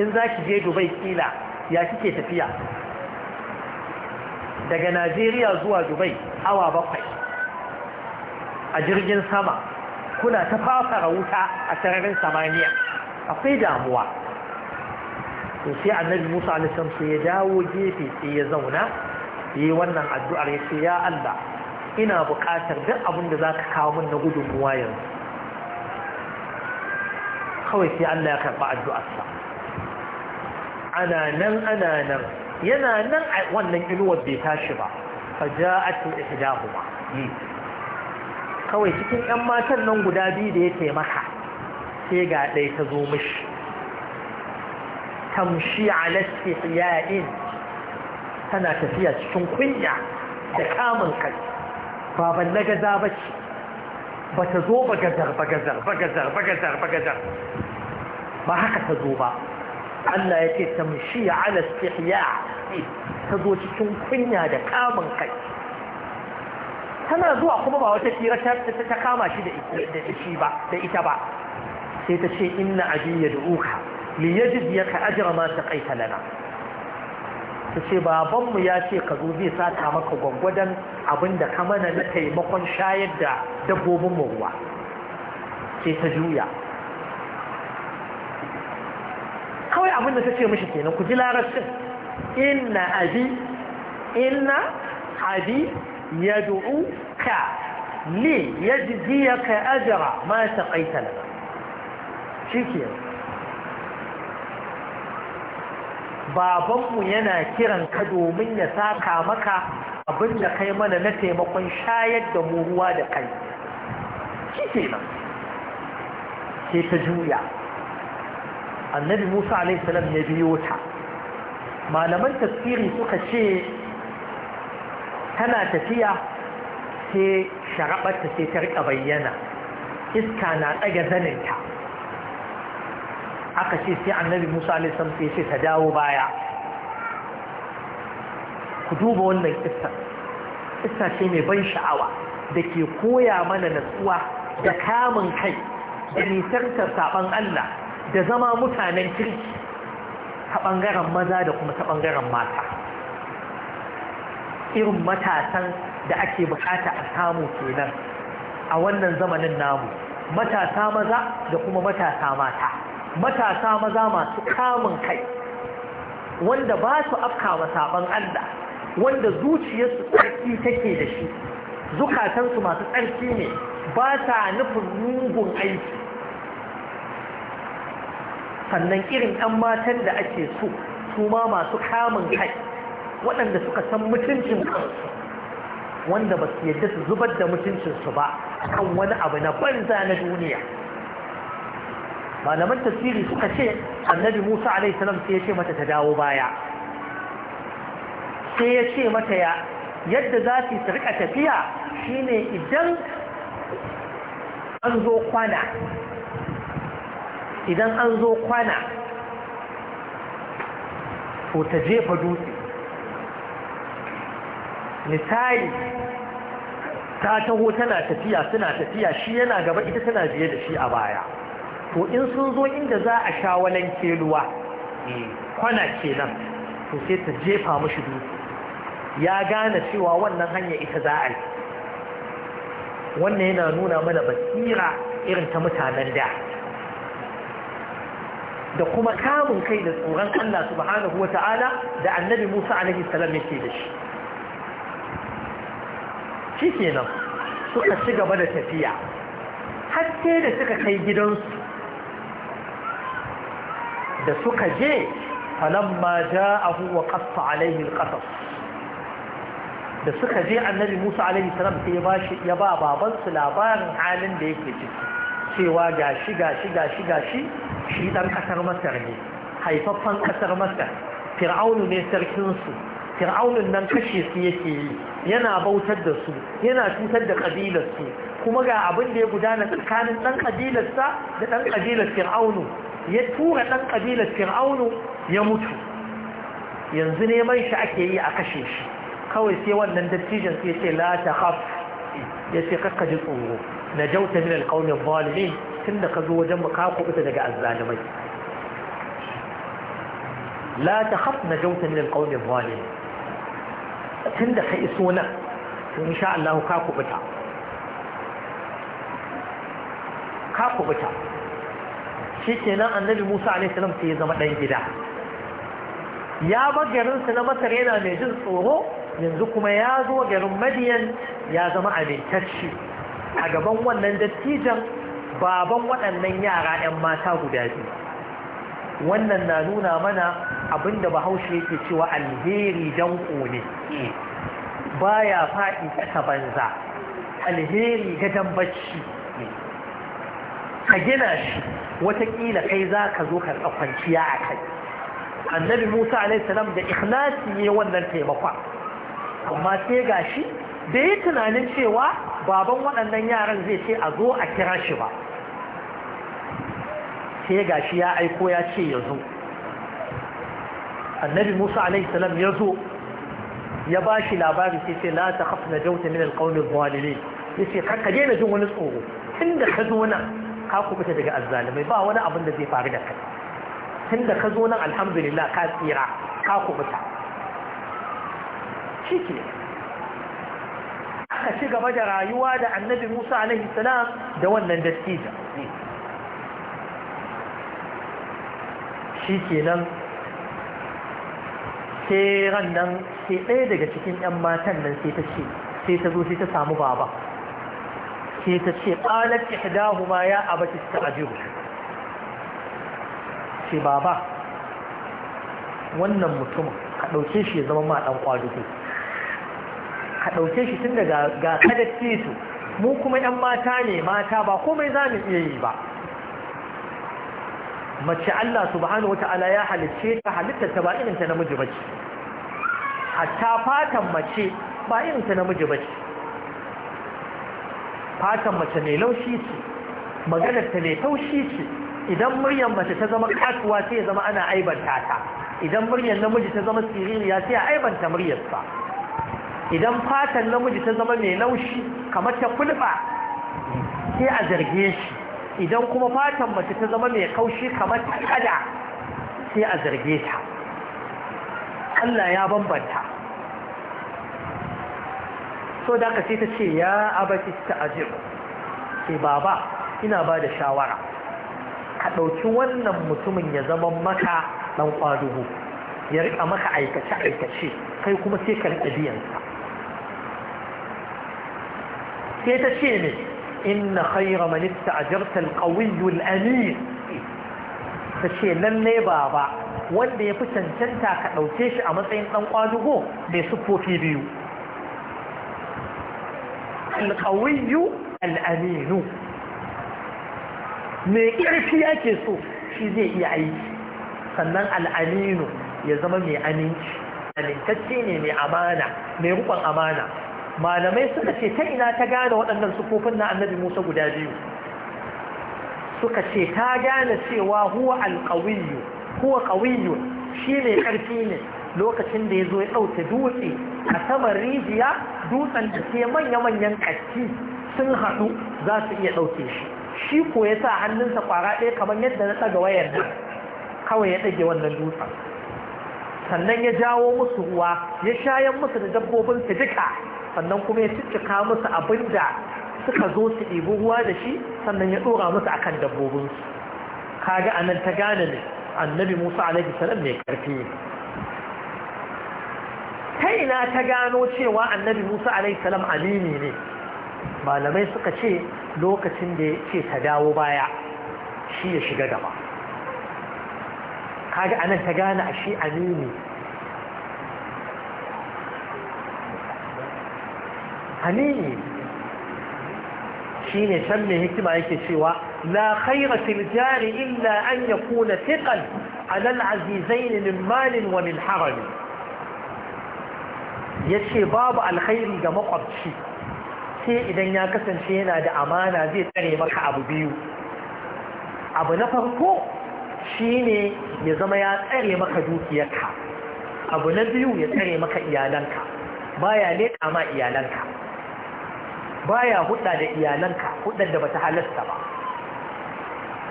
in za ki je dubai kila ya kike tafiya daga najeriya zuwa dubai awa bakwai a jirgin sama kuna ta fafara wuta a sararin samaniya akwai damuwa to sai annabi musa alisan ya dawo gefe sai ya zauna yi wannan addu'ar ya ce ya allah ina buƙatar duk abin da za ka kawo min na gudun yanzu kawai sai allah ya karɓi addu'arsa ana nan ana nan yana nan wannan inuwar bai tashi ba fa ja'atu ihdahuma kawai cikin 'yan matan nan guda biyu da ya maka, sai ga ɗaya ta zo mishi tamshi a ala istihya'in tana tafiya cikin kunya da kamun kai Baban na gaza bace ba ta zo ba gazar ba gazar ba gazar ba gazar ba gazar ba haka ta zo ba Allah ya ce tamshi a ala istihya'i ta zo cikin kunya da kamun kai tana zuwa kuma ba wata tira ta kama shi da ita ba sai ta ce inna abi ya du'uka liyajid ya ka ajra ma kaita lana ta ce babanmu ya ce ka zo zai sata maka gwangwadon abin da ka mana na taimakon shayar da dabbobin ruwa sai ta juya kawai abin da ta ce mishi kenan ku ji larabcin ina abi inna abi يدعوك ليجزيك أجر ما سقيت لنا شكرا babanmu yana kiran ka domin ya saka maka abin da kai mana na taimakon shayar da mu ruwa da kai shi nan sai ta juya annabi musa alaihissalam ya biyo ta malaman tafsiri suka ce tana tafiya sai sharaɓarta sai ta riƙa bayyana iska na ɗaga zaninta aka ce sai annabi musa alisan sai ce ta dawo baya ku duba wannan iska iska ce mai ban sha'awa da ke koya mana natsuwa da kamun kai da nisantar saɓon allah da zama mutanen kirki ta ɓangaren maza da kuma ta ɓangaren mata irin matasan da ake bukata a samu kenan a wannan zamanin namu matasa maza da kuma matasa mata matasa maza masu kamun kai wanda ba su wa saban Allah wanda zuciyarsu tsarki take da shi zukatansu masu tsarki ne ba ta nufin mugun aiki sannan irin ɗan matan da ake so su ma masu kamun kai waɗanda suka san mutuncin kansu wanda ba su yadda su zubar da mutuncinsu ba kan wani abu na banza na duniya malaman tasiri suka ce annabi musa alaihi salam sai ya ce mata ta dawo baya sai ya ce mata ya yadda za su su rika tafiya shine idan an zo kwana idan an zo kwana to ta jefa dutse misali ta taho tana tafiya suna tafiya shi yana gaba ita tana biye da shi a baya to in sun zo inda za a sha walan keluwa eh, kwana kenan to sai ta jefa mashi dutse ya gane cewa wannan hanya ita za a yi wannan yana nuna mana basira irin ta mutanen da da kuma kamun kai da tsoron Allah subhanahu wa ta'ala da annabi Musa alaihi salam yake da shi shi kenan suka ci gaba da tafiya har sai da suka kai gidansu da suka je falamma ja'ahu wa qassa alaihi alqasas da suka je annabi Musa alaihi salam sai ya bashi ya ba babansu labarin halin da yake ciki cewa gashi gashi gashi gashi shi dan kasar Masar ne haifaffan kasar Masar Fir'aunu ne sarkin su fir'aunin nan kashe su yake yi yana bautar da su yana cutar da ƙabilarsu kuma ga abin da ya gudana tsakanin dan ƙabilarsa da dan kabilar fir'aunu ya tura dan kabilar fir'aunu ya mutu yanzu ne mai shi ake yi a kashe shi kawai sai wannan dattijan sai ce la ta haf ya ce kakka ji tsoro na jauta min alƙaunin zalimin tun da ka zo wajen mu ka kuɓuta daga azzalimai la ta haf na jauta min zalimin tun da ka iso nan to insha Allah ka kubuta ka kubuta shi kenan annabi Musa alaihi salam sai ya zama ɗan gida ya bar garinsa na Masar yana mai jin tsoro yanzu kuma ya zo garin Madiyan ya zama amintacci a gaban wannan dattijan baban waɗannan yara 'yan mata guda biyu wannan na nuna mana abinda bahaushe yake cewa alheri dan ne baya faɗi ta banza alheri gadon bacci ne ka gina shi watakila kai za ka zo ka kwanciya a kai annabi musa alaihissalam da ikhlasi ne wannan taimakon amma sai ga shi da yi tunanin cewa baban waɗannan yaran zai ce a zo a kira shi ba sai ga shi ya aiko ya ce ya zo annabi musa alaihissalam ya zo ya ba shi labari sai sai la ta khafna jauta min alqawli adh ya ce ka ka daina jin wani tsoro tunda ka zo nan ka kubuta daga azzalimai ba wani abin da zai faru da kai tunda ka zo nan alhamdulillah ka tsira ka kubuta Shi shike aka ci gaba da rayuwa da annabi Musa alaihi salam da wannan Shi ke nan, sai ran nan sai ɗaya daga cikin 'yan matan nan sai ta ce sai ta zo sai ta samu baba sai ta ce ƙalar ihdahu ma ya abati ta ajiru ce baba wannan mutum ka ɗauke shi ya zama maɗan ɗan ka ɗauke shi tun daga ga kada titu mu kuma 'yan mata ne mata ba komai za mu iya yi ba mace Allah subhanahu wa ta'ala ya halicce ta halitta ta ba irin ta namiji bace hatta fatan mace ba irin ta namiji ba ce fatan mace mai laushi ce maganar ta mai taushi ce idan muryar mace ta zama kasuwa sai ya zama ana aibanta ta idan muryar namiji ta zama siririya sai ya aibanta muryarsa idan fatan namiji ta zama mai laushi kamar ta kulba sai a zarge shi idan kuma fatan mace ta zama mai kaushi kamar ta kada sai a zarge ta Allah ya bambanta so da ka sai ta ce ya abaki ta ajir ke baba ina ba da shawara ka ɗauki wannan mutumin ya zama maka ɗan ƙwadugu ya riƙa maka aikace-aikace kai kuma sai ka riƙa biyansa sai ta ce ne inna khaira man ista'jarta al-qawiyyu al-amin ta ce lalle baba wanda ya fi cancanta ka ɗauke shi a matsayin ɗan ƙwadugo mai siffofi biyu alƙawiyu al'aminu mai ƙarfi yake so shi zai iya aiki sannan al'aminu ya zama mai aminci amintacce ne mai amana mai rukun amana malamai suka ce ta ina ta gane waɗannan sufofin na annabi musa guda biyu suka ce ta gane cewa huwa alƙawiyu huwa qawiyyun shi ne karfi ne lokacin da ya zo ya ɗauke dutse a saman rijiya dutsen da ke manya-manyan ƙarfi sun haɗu za su iya ɗauke shi shi ko ya sa hannunsa ƙwara ɗaya kamar yadda na ɗaga wayar da kawai ya ɗage wannan dutsen sannan ya jawo musu ruwa ya shayan musu da dabbobin su duka sannan kuma ya ciccika musu abin da suka zo su ɗibi ruwa da shi sannan ya ɗora musu akan dabbobinsu kaga anan ta gane ne annabi musa alaihi salam mai karfi ta ina ta gano cewa annabi musa alaihi salam amini ne malamai suka ce lokacin da ya ce ta dawo baya shi ya shiga gaba kaga anan ta gane a shi amini amini shi ne can mai hikima yake cewa لا خير في الجار إلا أن يكون ثقل على العزيزين من مال ومن حرم yace babu alkhairi ga makwabci sai idan ya kasance yana da amana zai tsare maka abu biyu abu na farko shine ya zama ya tsare maka dukiyarka abu na biyu ya tsare maka iyalanka baya leƙa ma iyalanka baya hudda da iyalanka hudda da bata halasta ba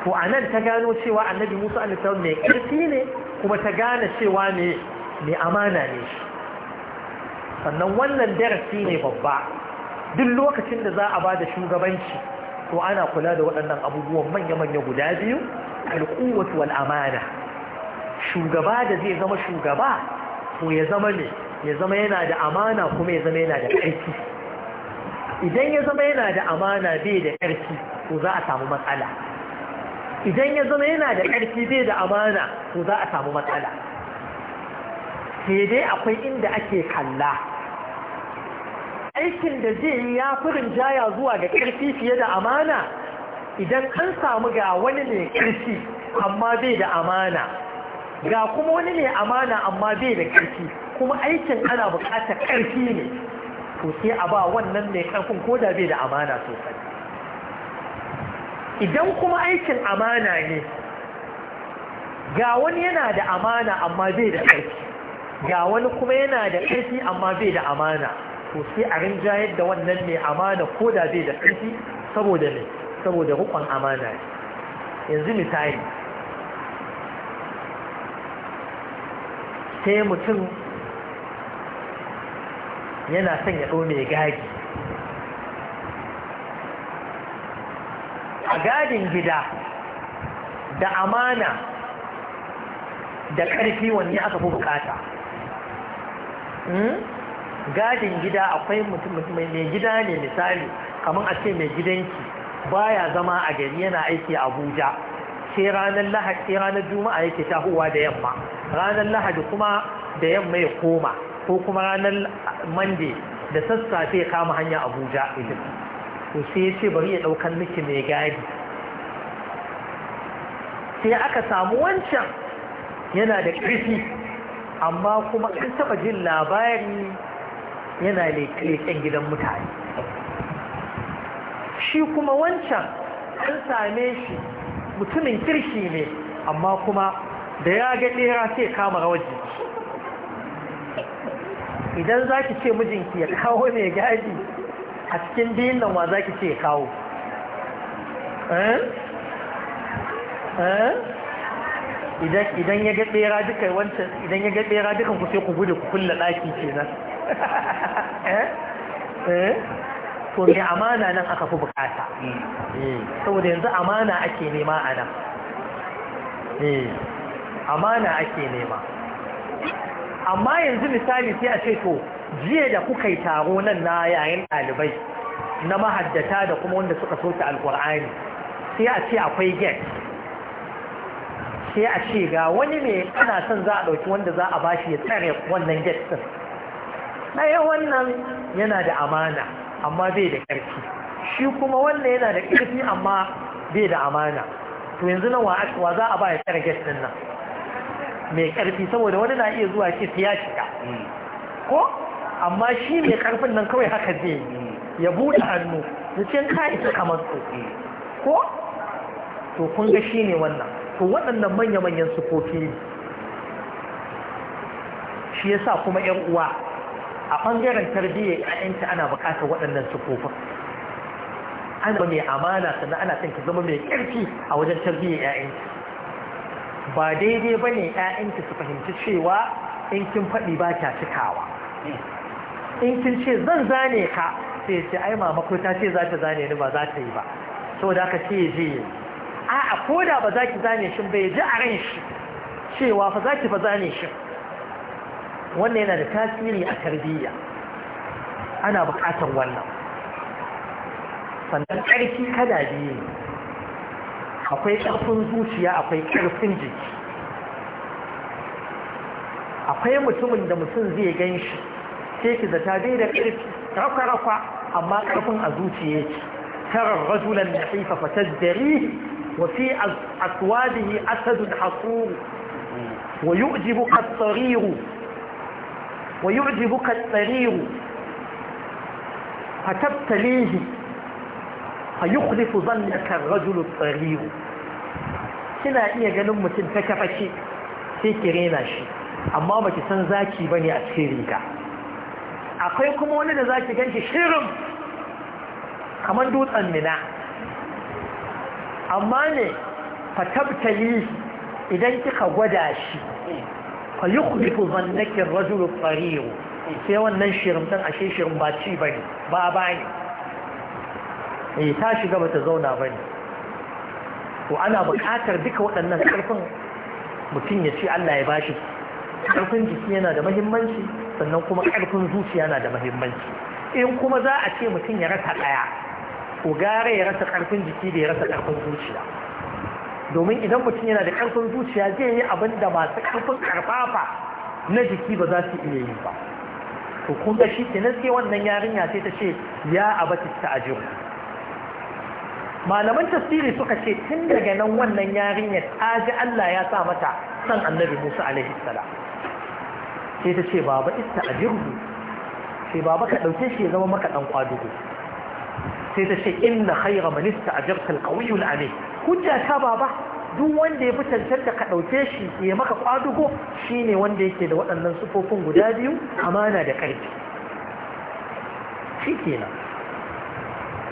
to a nan ta gano cewa annabi musa alisawar mai ƙarfi ne kuma ta gane cewa mai amana ne shi sannan wannan darasi ne babba duk lokacin da za a ba da shugabanci to ana kula da waɗannan abubuwan manya-manya guda biyu alƙuwatu wal amana shugaba da zai zama shugaba to ya zama ne ya zama yana da amana kuma ya zama yana da ƙarfi idan ya zama yana da amana bai da ƙarfi to za a samu matsala idan ya zama yana da ƙarfi bai da amana to za a samu matsala Ke dai akwai inda ake kalla aikin da zai yi ya furin jaya zuwa ga ƙarfi fiye da amana idan an samu ga wani mai ƙarfi amma bai da amana ga kuma wani mai amana amma bai da ƙarfi kuma aikin ana buƙatar ƙarfi ne to sai a ba wannan mai ƙarfin ko da bai da amana sosai idan kuma aikin amana ne ga wani yana da amana amma bai da ƙarfi ga wani kuma yana da ƙarfi amma bai da amana to sai a rinjayar da wannan mai amana ko da bai da ƙarfi saboda ne saboda rukun amana yanzu misali sai mutum yana son ya ɗau mai gadi a gadin gida da amana da ƙarfi wanne aka fi bukata hmm? gadin gida akwai mutum mai gida ne misali kamar a ce mai gidanki baya zama a gari yana aiki abuja sai ranar lahadi ranar juma'a yake tahowa da yamma ranar lahadi kuma da yamma ya koma ko kuma ranar mande da sassafe kama hanya abuja idan to sai ce bari ya ɗaukan miki mai gadi sai aka samu wancan yana da ƙarfi amma kuma an taɓa jin labari yana leƙen gidan mutane shi kuma wancan an same shi mutumin kirki ne amma kuma da ya ga ɗera sai kama rawar jiki idan za ki ce mijinki ya kawo mai gadi a cikin biyun nan wa zaki ce kawo eh? Eh? idan ya ga bera duka wancan idan ya ga bera dukan ku sai ku gudu ku ɗaki ce kenan [laughs] eh? to ne amana nan aka fi bukata saboda yanzu amana ake nema a nan amana ake nema amma yanzu misali sai a ce to jiya da kuka yi taro nan na yayin ɗalibai na mahaddata da kuma wanda suka soke alkur'ani sai a ce akwai get sai a ce ga wani mai ana son za a ɗauki wanda za a bashi ya tsare wannan get ɗin yi wannan yana da amana amma bai da ƙarfi shi kuma wannan yana da ƙarfi amma bai da amana to yanzu nan wa za a ba ya tsare get ɗin nan mai ƙarfi saboda wani na iya zuwa ce ya shiga mm. ko amma shi mai karfin nan kawai haka zai ya buɗe hannu zuciyar kayan su kamar su ko to kun ga shi ne wannan to waɗannan manya-manyan kofi ne shi ya sa kuma ‘yan uwa a ɓangaren tarbiyyar ‘ya'yanta ana buƙatar waɗannan kofi ana mai amana sannan ana son ki zama mai ƙarfi a wajen tarbiyyar ‘ya'yanta ba daidai ba ne ‘ya'yanta su fahimci cewa in kin faɗi ba kya cikawa in kin ce zan zane ka sai ce ai mama ko ta ce za ta zane ni ba za ta yi ba saboda haka ce ya yi. a'a ko da ba za ki zane shi bai ji a ran shi cewa fa za ki fa zane shi wannan yana da tasiri a tarbiyya ana bukatar wannan sannan ƙarfi kada biyu akwai karfin zuciya akwai ƙarfin jiki akwai mutumin da mutum zai ganshi. sai ki zata bai da ƙarfi rafa-rafa amma ƙarfin a zuciya ce tarar rajulan da haifa fatar dare wafi aswadihi asadun haƙuru wa yi yu'jibu katsariru wa yi yu'jibu katsariru fatabtalihi fa yi zannaka ar rajulun tsariru kina iya ganin mutum ta kafa sai ki rena shi amma baki san zaki bane a cikin riga akwai kuma wani da za ki ganshi shirin kamar dutsen mina amma ne fatabtali idan kika gwada shi fa yukhlifu zannakin rajulu tsariyo sai wannan shirin ɗan ashe shirin ba ci ba ne ba ba ne eh, ta shiga ba ta zauna ba ne to ana bukatar duka waɗannan ƙarfin mutum ya ce Allah ya bashi ƙarfin jiki yana da mahimmanci sannan kuma ƙarfin zuciya na da mahimmanci in kuma za a ce mutum ya rasa ɗaya ko gare ya rasa ƙarfin jiki da ya rasa ƙarfin zuciya domin idan mutum yana da ƙarfin zuciya zai yi abin da masu ƙarfin ƙarfafa na jiki ba za su iya yi ba to kun ga shi kenan sai wannan yarinya sai ta ce ya abati ta ajin malaman tafsiri suka ce tun daga nan wannan yarinya ta ji Allah ya sa mata san annabi Musa alaihi salam sai ta ce baba ista a jirgu sai baba ka ɗauke shi ya zama maka ɗan ƙwadugo. sai ta ce inna haira man ista a jirkal qawiyul amin hujja ta baba duk wanda ya fi da ka ɗauke shi ya maka shi shine wanda yake da waɗannan sufofin guda biyu amana da ƙarfi shi kenan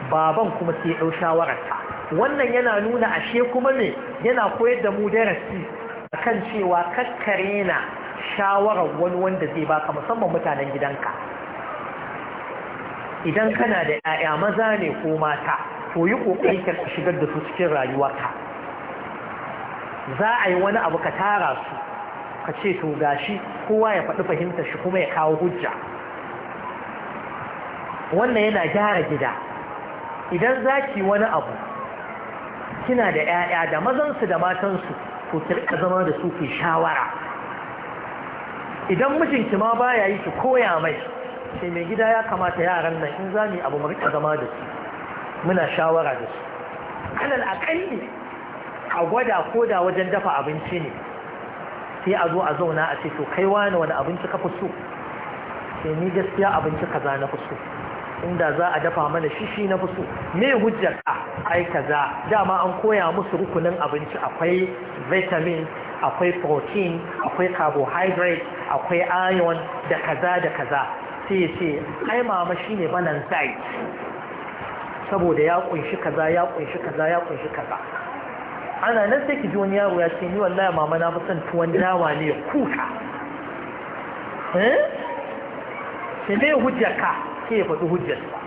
baban kuma sai ɗau shawararta wannan yana nuna ashe kuma me yana koyar da mu darasi akan cewa kakkare na shawarar wani wanda zai baka musamman mutanen gidanka idan kana da 'ya'ya maza ne ko mata to yi kokari ka shigar da su cikin rayuwarka za a yi wani abu ka tara su ka ce to gashi kowa ya faɗi fahimtar shi kuma ya kawo hujja wannan yana gyara gida idan za ki wani abu kina da 'ya'ya da mazansu da matansu to ki rika zama da su ke shawara idan mijinki ma baya yi ki koya mai sai mai gida ya kamata yaran nan in za mu abu mu rika zama da su muna shawara da su alal aƙalli a gwada ko da wajen dafa abinci ne sai a zo a zauna a ce to kai wani wani abinci ka fi so sai eh, ni gaskiya abinci kaza na fi so inda za a dafa mana shi shi na fi so me hujjar ka ai kaza dama an koya musu rukunin abinci akwai vitamin akwai protein akwai carbohydrate akwai iron da kaza da kaza sai ce ai mama shine banan diet saboda ya kunshi kaza ya kunshi kaza ya kunshi kaza ana nan sai ki ji wani yaro ya ce ni wallahi mama na fi son tuwon dawa ne kuka eh sai dai hujjarka sai ya faɗi hujjarsa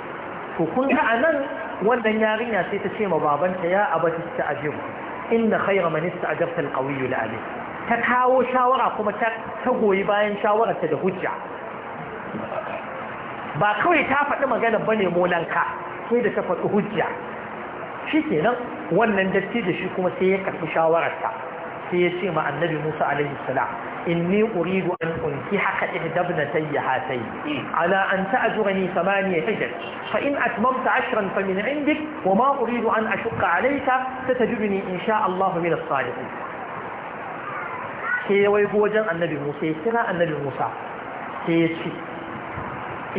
to kun ga anan wannan yarinya sai ta ce ma babanta ya abata ta ajibu inna khayra man ista'jarta al-qawi al-amin ta kawo shawara kuma ta goyi bayan shawararta ta da hujja ba kawai ta faɗi magana bane molanka sai da ta faɗi hujja shi shikenan wannan dattijo shi kuma sai ya karɓi shawararta sai ya ce ma annabi Musa alaihi salam inni uridu an unki haka ihdabna tayya hatai ala an ta'jurani thamaniya hijaj fa in atmamta ashran fa min indik wa ma uridu an ashqa alayka satajidni insha Allah min as-salihin sai ya waigo wajen annabi Musa ya kira annabi Musa sai ya ce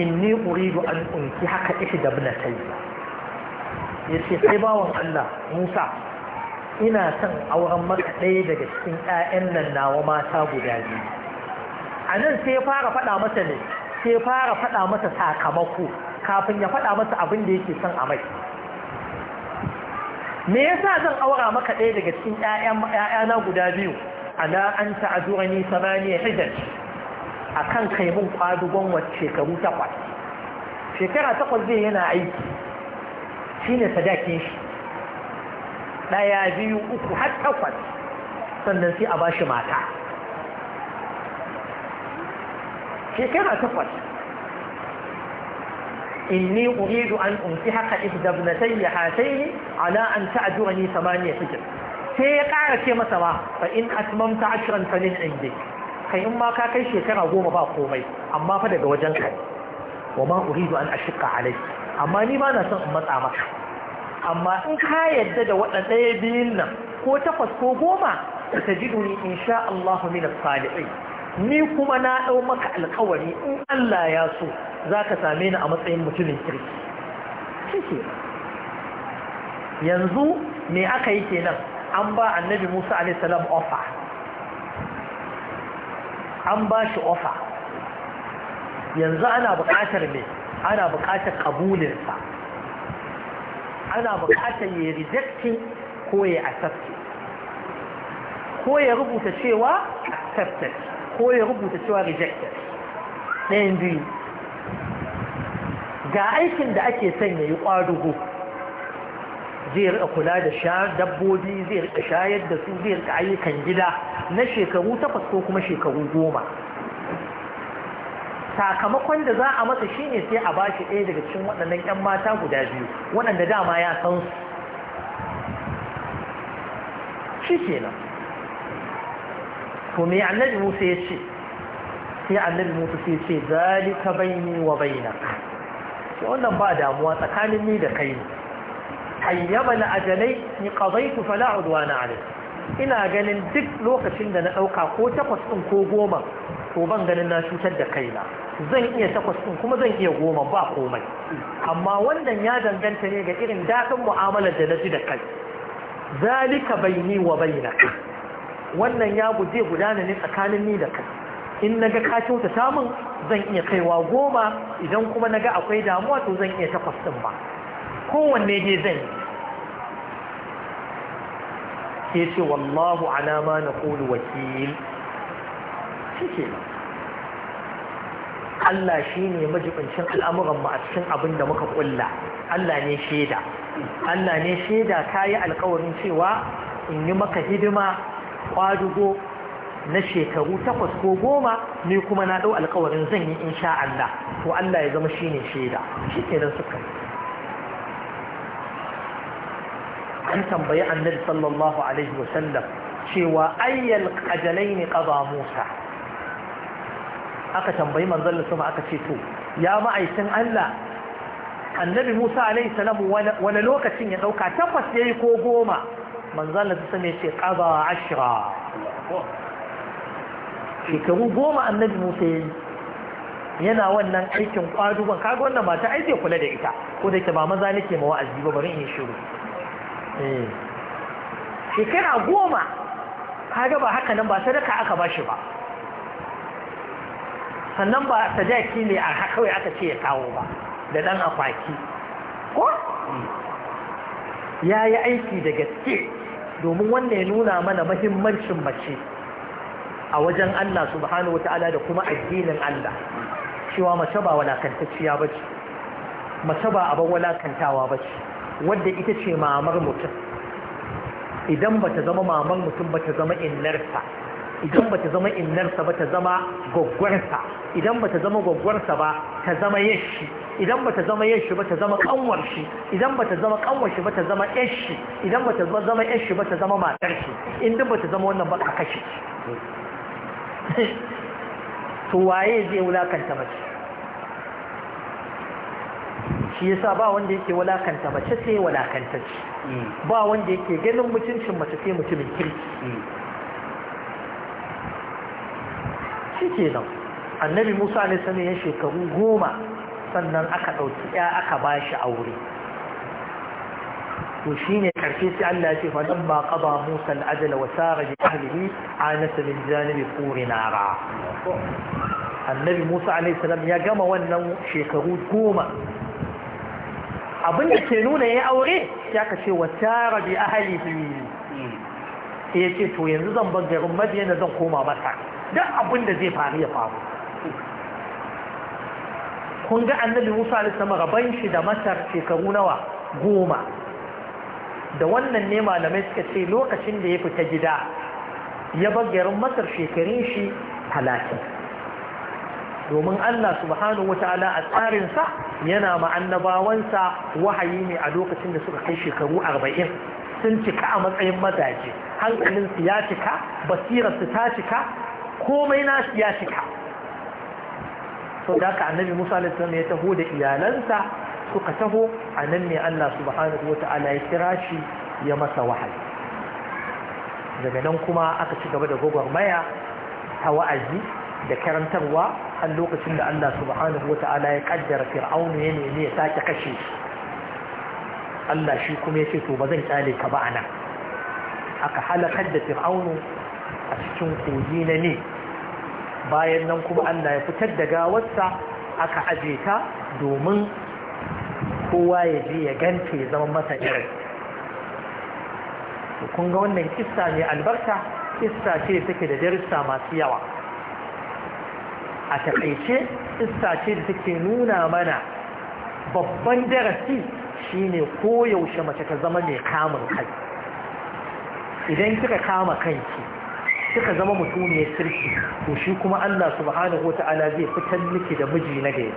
inni uridu an unki haka ihdabna tayya yace sai bawon Allah Musa ina son auren maka ɗaya daga cikin 'ya'yan nan nawa mata guda biyu a nan sai fara faɗa masa ne sai fara faɗa masa sakamako kafin ya faɗa masa abin da yake son a mai me yasa zan aura maka ɗaya daga cikin 'ya'yana guda biyu ala an ta'azurani samaniya hijaj akan kai mun kwadugon wa shekaru takwas shekara takwas zai yana aiki shine sadakin shi ɗaya biyu uku har takwas sannan sai a ba shi mata shekara takwas inni uridu an umsi haka ihdabnatai ya hatai ala an ta'ajurani samaniya hijir sai ya ƙara ce masa ma fa in asmamta ashirin fa min kai in ma ka kai shekara goma ba komai amma fa daga wajen kai wa ma uridu an ashqa alai amma ni ba na son in matsa maka amma in ka yadda da waɗanɗaya ɗaya biyun nan ko takwas ko goma ta ji duni in sha Allahu ni kuma na ɗau maka alkawari in Allah ya so za ka same ni a matsayin mutumin kirki yanzu me aka yi kenan an ba annabi Musa alaihi salam offer an ba shi offer yanzu ana buƙatar me ana buƙatar ƙabulinsa. ana bukatar ya rejecting ko ya accept ko ya rubuta cewa accepted ko ya rubuta cewa rejected ɗayan biyu ga aikin da ake son ya yi ƙwadugo zai rika kula da dabbobi zai rika shayar da su zai rika ayyukan gida na shekaru takwas ko kuma shekaru goma sakamakon da za a masa shine sai a bashi ɗaya daga cikin waɗannan 'yan mata guda biyu waɗanda dama ya san su shi kenan to me annabi Musa ya ce sai annabi Musa sai ce zalika baini wa bainak to wannan ba damuwa tsakanin ni da kai ne hayyaba la ajalai ni qadaytu fala udwana alai ina ganin duk lokacin da na dauka ko takwas din ko goma to ban ganin na cutar da kaina zan iya takwas ɗin kuma zan iya goma ba komai amma wannan ya danganta ne ga irin daɗin mu'amalar da na ji da kai zalika bayni wa baina wannan ya guje gudana ne tsakanin ni da kai in naga ka kyauta samun zan iya kaiwa goma idan kuma naga akwai damuwa to zan iya takwas ɗin ba kowanne dai zan yi Ke ce wallahu alama na naqulu wakil Cike ba Allah shi ne majibincin al'amuranmu a cikin abin da muka ƙulla Allah ne shaida Allah ne shaida ta yi alkawarin cewa in yi maka hidima ƙwadugo, na shekaru takwas ko goma ni kuma na ɗau alkawarin zan yi insha Allah to Allah ya zama shi ne shaida shi ke nan suka an tambayi annabi sallallahu alaihi wasallam cewa ayyal ajalai ne ƙaba musa aka tambayi manzon sama aka ce to ya ma'aikin Allah annabi Musa alaihi salam wala lokacin ya dauka takwas yayi ko goma manzon Allah sama ya ce qada shekaru goma annabi Musa yayi yana wannan aikin kwaduban kaga wannan mata ai zai kula da ita ko da ke ba maza nake ma wa'azi ba bari in yi shiru eh shekara goma kaga ba haka nan ba sadaka aka bashi ba sannan ba sadaki ne a kawai aka ce ya kawo ba da ɗan akwaki ko ya yi aiki da gaske domin wannan ya nuna mana mahimmancin mace a wajen Allah subhanahu wata'ala da kuma addinin Allah cewa mace ba walakantacciya ba ce mace ba abin walakantawa ba ce wadda ita ce mamar mutum idan ba ta zama mamar mutum ba ta zama innarsa idan bata zama innarsa ba ta zama gwaggwarsa idan bata zama gwaggwarsa ba ta zama yashi idan bata zama yashi ba ta zama kanwar shi idan bata zama kanwar shi ba ta zama yashi idan bata zama yashi ba ta zama matar shi in duk bata zama wannan ba a kashe [laughs] to waye zai wulakanta mace shi yasa ba wanda yake wulakanta mace sai wulakantacce mm. ba wanda yake ganin mutuncin mace sai mutumin kirki mm. shi ke nan annabi musa ne sani ya shekaru goma sannan aka ɗauki ya aka ba shi aure to shi ne ƙarshe sai Allah ya ce fa nan ba ƙaba musa al'ajala wa sara bi ahlihi anasa min janibi quri nara annabi musa alaihi salam ya gama wannan shekaru goma abin da ke nuna ya aure ya ka ce wa tara bi ahlihi sai ya ce to yanzu zan bar garin madina zan koma masa duk abin da zai faru ya faru kun ga annabi musa alisama raban shi da masar shekaru nawa goma da wannan ne malamai suka ce lokacin da ya fita gida ya bagarin masar shekarun shi talatin domin allah subhanahu wa ta'ala a tsarinsa yana ma'annabawansa wahayi ne a lokacin da suka kai shekaru arba'in sun cika a matsayin mazaje hankalinsu ya cika basirarsu ta cika komai na ya cika sau da haka annabi musa alaihi ya taho da iyalansa suka taho a nan ne allah subhanahu wa ta'ala ya kira shi ya masa wahal, daga nan kuma aka ci gaba da gwagwarmaya ta wa'azi da karantarwa a lokacin da allah subhanahu wa ta'ala ya kaddara fir'aunu ya nemi ya sake kashe allah shi kuma ya ce to ba zan kyale ka ba a nan aka halakar da fir'aunu a cikin kogi na ne bayan nan kuma Allah ya fitar da gawarsa aka aje ta domin kowa ya je ya ganta ya zama masa irin kun ga wannan kista ne albarka kista ce take da darussa masu yawa a taƙaice kista ce da take nuna mana babban darasi shine koyaushe mace ta zama mai kamun kai idan kika kama kanki kika zama mutumiyar kirki to shi kuma Allah subhanahu wata'ala zai fitar miki da miji na gari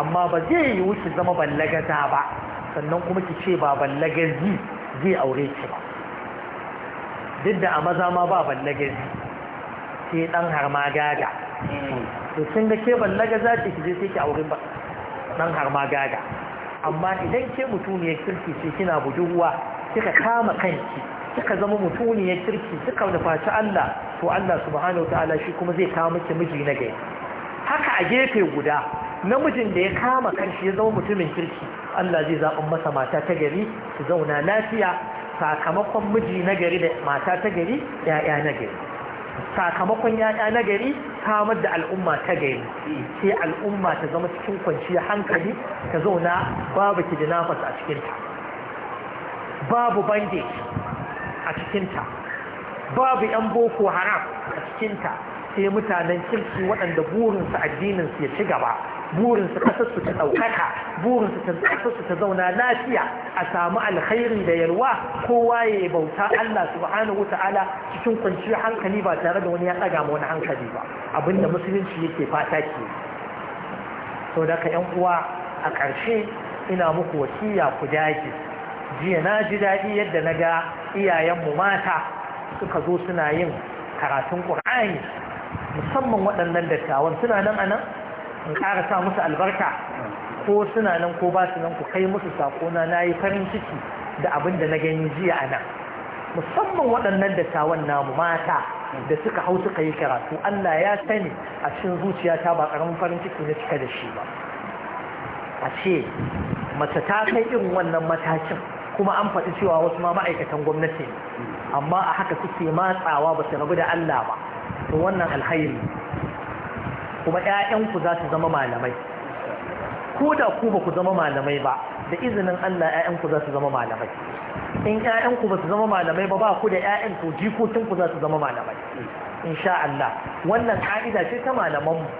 amma ba zai yi wuce zama ta ba sannan kuma ki ce ba zi zai aure ki ba duk da a maza ma ba zi sai dan harma gaga to kin ga ke ballaga za ki je sai ki aure ba dan harma gaga amma idan ke mutumiyar kirki ce kina budurwa kika kama kanki suka zama mutuniyar kirki suka nufaci Allah to Allah subhanahu wa ta'ala shi kuma zai kawo miki miji na gari haka a gefe guda namijin da ya kama kanshi ya zama mutumin kirki Allah zai zaɓin masa mata ta gari su zauna lafiya sakamakon miji na gari da mata ta gari ya'ya na gari sakamakon ya'ya na gari samar da al'umma ta gari sai al'umma ta zama cikin kwanciyar hankali ta zauna babu kidnappers a cikinta babu bandage a cikinta babu 'yan boko haram a cikinta sai mutanen kirki waɗanda burinsu addininsu ya ci gaba burinsu ƙasarsu ta ɗaukaka burinsu ta ƙasarsu ta zauna lafiya a samu alkhairi da yalwa kowa ya bauta Allah subhanahu ta'ala cikin kwanciyar hankali ba tare da wani ya ɗaga ma wani hankali ba abinda musulunci yake fata ke sau da ka 'yan uwa a ƙarshe ina muku wasiya ku dage jiya na ji daɗi yadda na ga Iyayen mu mata suka zo suna yin karatun ƙur'ani musamman waɗannan dattawan suna nan a nan in ƙara sa musu albarka ko suna nan ko ba su nan ku kai musu sako na yi farin ciki da abin da na gani jiya a nan musamman waɗannan dattawan namu mata da suka hau suka yi karatu Allah ya sani a cikin zuciyata ba ƙaramin farin ciki na cika da shi ba a ce mace ta kai irin wannan matakin kuma an faɗi cewa wasu ma ma'aikatan gwamnati ne. amma a haka suke matsawa ba su rabu da Allah ba to wannan alhayin kuma ƴaƴanku za su zama malamai ko da ku ba ku zama malamai ba da izinin Allah ƴaƴanku za su zama malamai in ƴaƴanku ba su zama malamai ba ba ku da ƴaƴan to ku za su zama malamai insha Allah wannan ka'ida ce ta malamanmu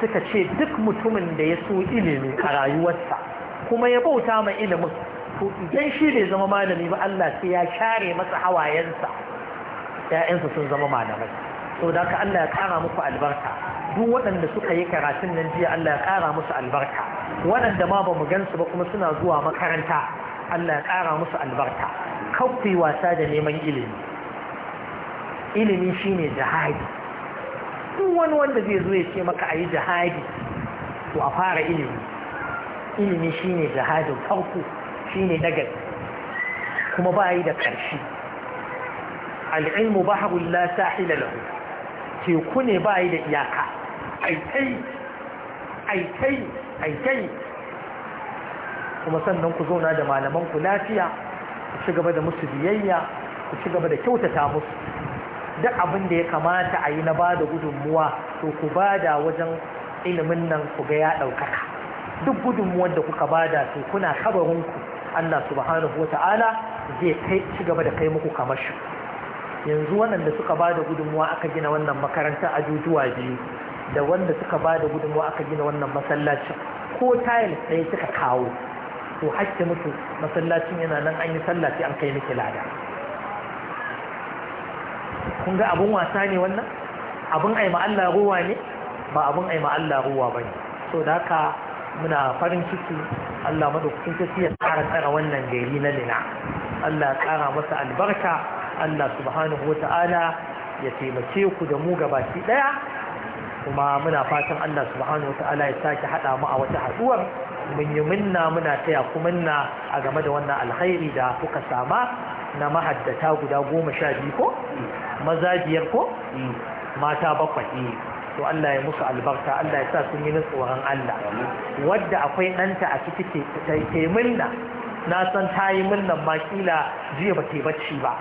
suka ce duk mutumin da ya so ilimi a rayuwarsa kuma ya bauta ma ilimin to shi bai zama malami ba Allah sai ya share masa hawayensa ‘ya'yansa sun zama malamai sau da ka Allah ya kara muku albarka duk waɗanda suka yi karatun nan jiya Allah ya kara musu albarka waɗanda ma ba mu gansu ba kuma suna zuwa makaranta Allah ya kara musu albarka kawai wasa da neman ilimi ilimi shine jihadi duk wani wanda zai zo ya ce maka ayi jihadi to a fara ilimi ilimi shine jihadin farko na nagari kuma ba yi da ƙarshi al'ilmu ba haɗu la sahila lahu teku ne ba yi da iyaka aikai aikai aikai kuma sannan ku zauna da malamanku lafiya ku ci gaba da musu biyayya ku ci gaba da kyautata musu duk abin da ya kamata a yi na ba da gudunmuwa to ku bada wajen ilimin nan ku ga ya ɗaukaka duk gudunmuwar da kuka ba da to kuna kabarinku Allah subhanahu wa ta'ala zai kai ci gaba da kai muku kamar shi yanzu da suka ba da gudunmuwa aka gina wannan makarantar ajujuwa biyu da wanda suka ba da gudunmuwa aka gina wannan masallacin ko tayal ɗaya suka kawo to hakki mutu masallacin yana nan an yi sallaci an kai miki lada kun ga abun wasa ne wannan abun aima Allah ruwa ne ba abun aima Allah ruwa ba ne so da haka muna farin ciki Allah madaukakin sarki ya tsara tsara wannan gari na lina Allah tsara masa albarka Allah subhanahu wata'ala ya taimake ku da mu gabaki daya kuma muna fatan Allah subhanahu wata'ala ya sake hada mu a wata haduwar mun yi minna muna taya ku minna a game da wannan alkhairi da kuka sama na mahaddata guda goma sha biyu ko maza biyar ko mm. mata bakwai mm. to Allah ya musu albarka Allah ya sa sun yi tsoron Allah wadda akwai ɗanta a ciki ke minna na san ta yi murnan ma kila jiya ba ke bacci ba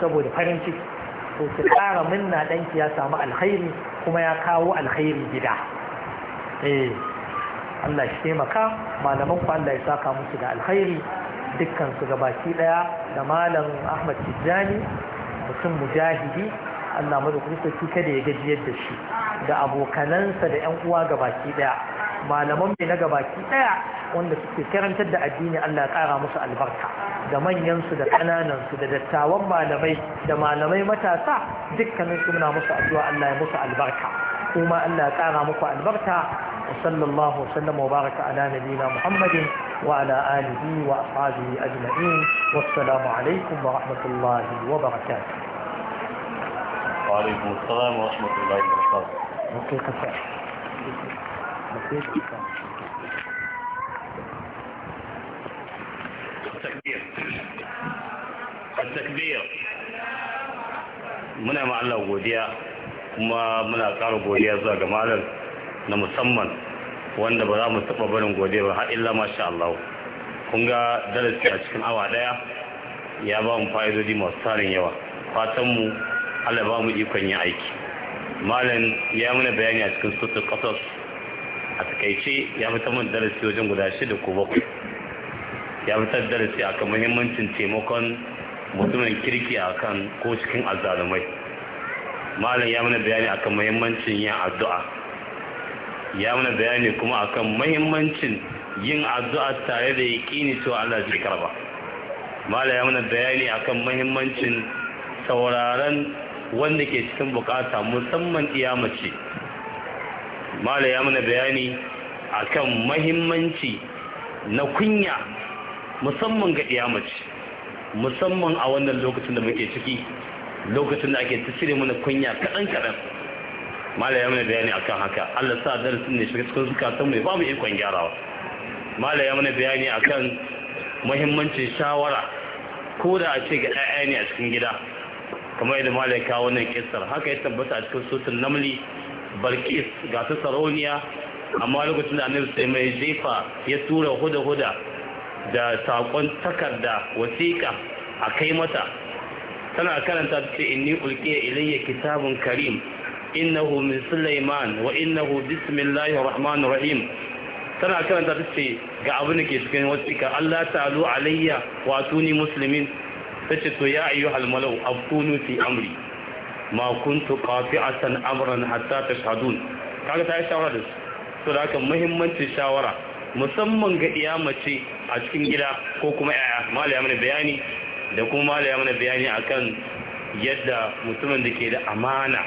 saboda farin ciki to ki ƙara minna ɗanki ya samu alkhairi kuma ya kawo alkhairi gida eh Allah shi taimaka malaman ku Allah ya saka musu da alkhairi dukkan su gabaki daya da malam Ahmad Tijjani mutum mujahidi Allah madaukakin sarki da ya gajiyar da shi da abokanansa da yan uwa gabaki daya malaman mai na gabaki daya wanda suke karantar da addini Allah ya kara musu albarka da manyansu da kananan da dattawan malamai da malamai matasa dukkanin su muna musu addu'a Allah ya musu albarka kuma Allah ya kara muku albarka وصلى الله وسلم وبارك على نبينا محمد وعلى آله وأصحابه أجمعين والسلام عليكم ورحمة Wa وبركاته وعليكم السلام ورحمة الله وبركاته muna ma Allah godiya kuma muna ƙara godiya zuwa ga malam na musamman wanda ba za mu taɓa barin godiya ba har illa masha Allah kun ga darasi a cikin awa ɗaya ya ba mu fa'idodi masu tarin yawa fatan mu Allah ba mu ikon yin aiki malin ya mana bayani a cikin sutur kasas a takaice ya fitar mun darasi wajen guda shida ko bakwai ya fitar darasi akan muhimmancin taimakon mutumin kirki akan ko cikin azalumai malin ya mana bayani akan muhimmancin yin addu'a ya mana bayani kuma akan muhimmancin yin addu'a tare da yaƙini cewa Allah zai karba malam ya mana bayani akan muhimmancin sauraron wanda ke cikin bukata musamman mace mala ya mana bayani akan mahimmanci na kunya musamman ga mace musamman a wannan lokacin da muke ciki lokacin da ake ta cire mana kunya kaɗan kaɗan mala ya mana bayani akan haka allah sa darasin ne shiga cikin zukatan mai ba mu ikon gyarawa mala ya mana bayani akan muhimmancin shawara ko da a ce ga 'ya'ya ne a cikin gida kamar yadda ya kawo wannan kisar haka ya tabbata a cikin sosin namli balkis ga su sarauniya amma lokacin da annabi sai mai jefa ya tura huda-huda da saƙon takarda wasiƙa a kai mata tana karanta ta ce inni ulqiya ilayya kitabun karim innahu min sulaiman wa innahu bismillahir rahmanir rahim tana karanta ta ce ga abin da ke cikin wasiƙa Allah ta'alu alayya wa tuni muslimin tace to ya ayyu almalau afkunu fi amri ma kuntu qafi'atan amran hatta tashhadun kaga ta yi shawara da su to da haka muhimmancin shawara musamman ga iya mace a cikin gida ko kuma yaya mallam ya mana bayani da kuma mallam ya mana bayani akan yadda mutumin da ke da amana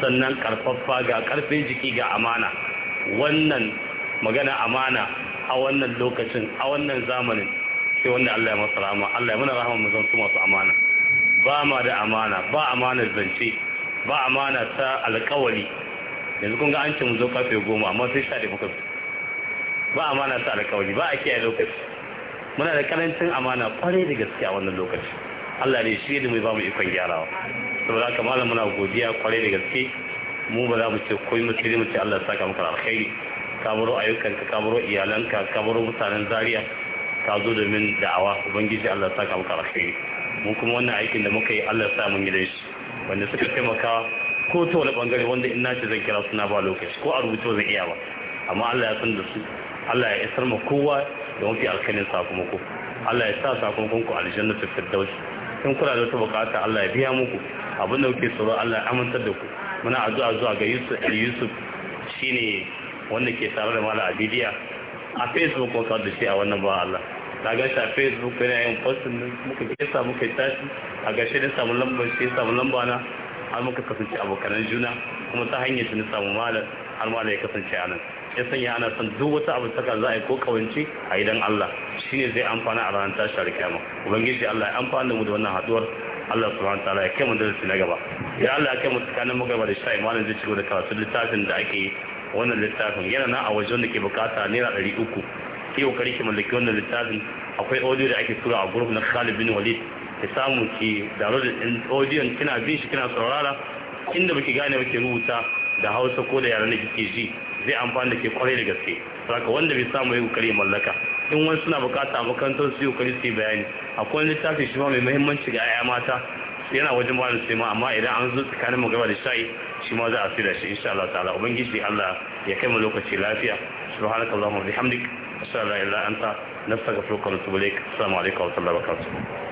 sannan karfafa ga karfin jiki ga amana wannan magana amana a wannan lokacin a wannan zamanin sai wanda Allah ya masa rahama Allah ya muna rahama mu zanto masu amana ba ma da amana ba amanar zance ba amana ta alƙawari yanzu kun ga an ce mu zo kafe goma amma sai sha da muka ba amana ta alƙawari ba a kiyaye lokaci muna da karancin amana kwarai da gaskiya wannan lokaci Allah ne shi da mai ba mu ikon gyarawa saboda haka malam muna godiya kwarai da gaske mu ba za mu ce koyi mu sai mu ce Allah ya saka maka alkhairi kamaro ayyukan ayyukanka ka baro iyalanka ka mutanen Zariya. ka zo domin da'awa ubangiji Allah ya saka maka alkhairi mu kuma wannan aikin da muka yi Allah sa mun gidan shi wanda suka taimaka ko ta wani bangare wanda in ce zan kira suna ba lokaci ko a rubuto zan iya ba amma Allah ya san da su Allah ya isar ma kowa da mafi alkalin sakamako Allah ya sa sakamakon ku aljanna ta firdaus in kula da wata bukata Allah ya biya muku abin da kuke tsoro Allah ya amintar da ku muna addu'a zuwa ga Yusuf Yusuf shine wanda ke tare da Mala Abidiya a Facebook ko da shi a wannan ba Allah na ga shi a facebook yana yin postin muka kesa muka yi tashi a gashe ne samu lambar shi samu lamba na har muka kasance abokanan juna kuma ta hanyar shi ne samu malam har malam ya kasance a nan ya sanya ana son duk wata abu saka za a yi ko kawance a idan Allah shine zai amfana a ranar tashi alkiyama ubangiji Allah ya amfana da mu da wannan haduwar Allah subhanahu wataala ya kai mu darasi na gaba ya Allah ya kai mu tsakanin magaba da sha'i malam zai ci gaba da karatun littafin da ake wannan littafin yana na a wajen da ke bukata naira ɗari uku ki kokari ki mallaki wannan littafin akwai audio da ake tura a group na Khalid bin Walid ki samu ki download din audio kina bin shi kina saurara inda baki gane baki rubuta da Hausa ko da yaran da kike ji zai amfani da ke kwarai da gaske saka wanda bai samu ya kokari mallaka in wani suna bukata makarantar su yi kokari su bayani akwai wani littafin shi ma mai muhimmanci ga 'ya'ya mata yana wajen malam sai ma amma idan an zo tsakanin magana da shayi shi ma za a da shi insha Allah ta'ala ubangiji Allah ya kai mu lokaci lafiya subhanakallahumma bihamdika لا الله الا انت نستغفرك ونتوب اليك السلام عليكم ورحمه الله وبركاته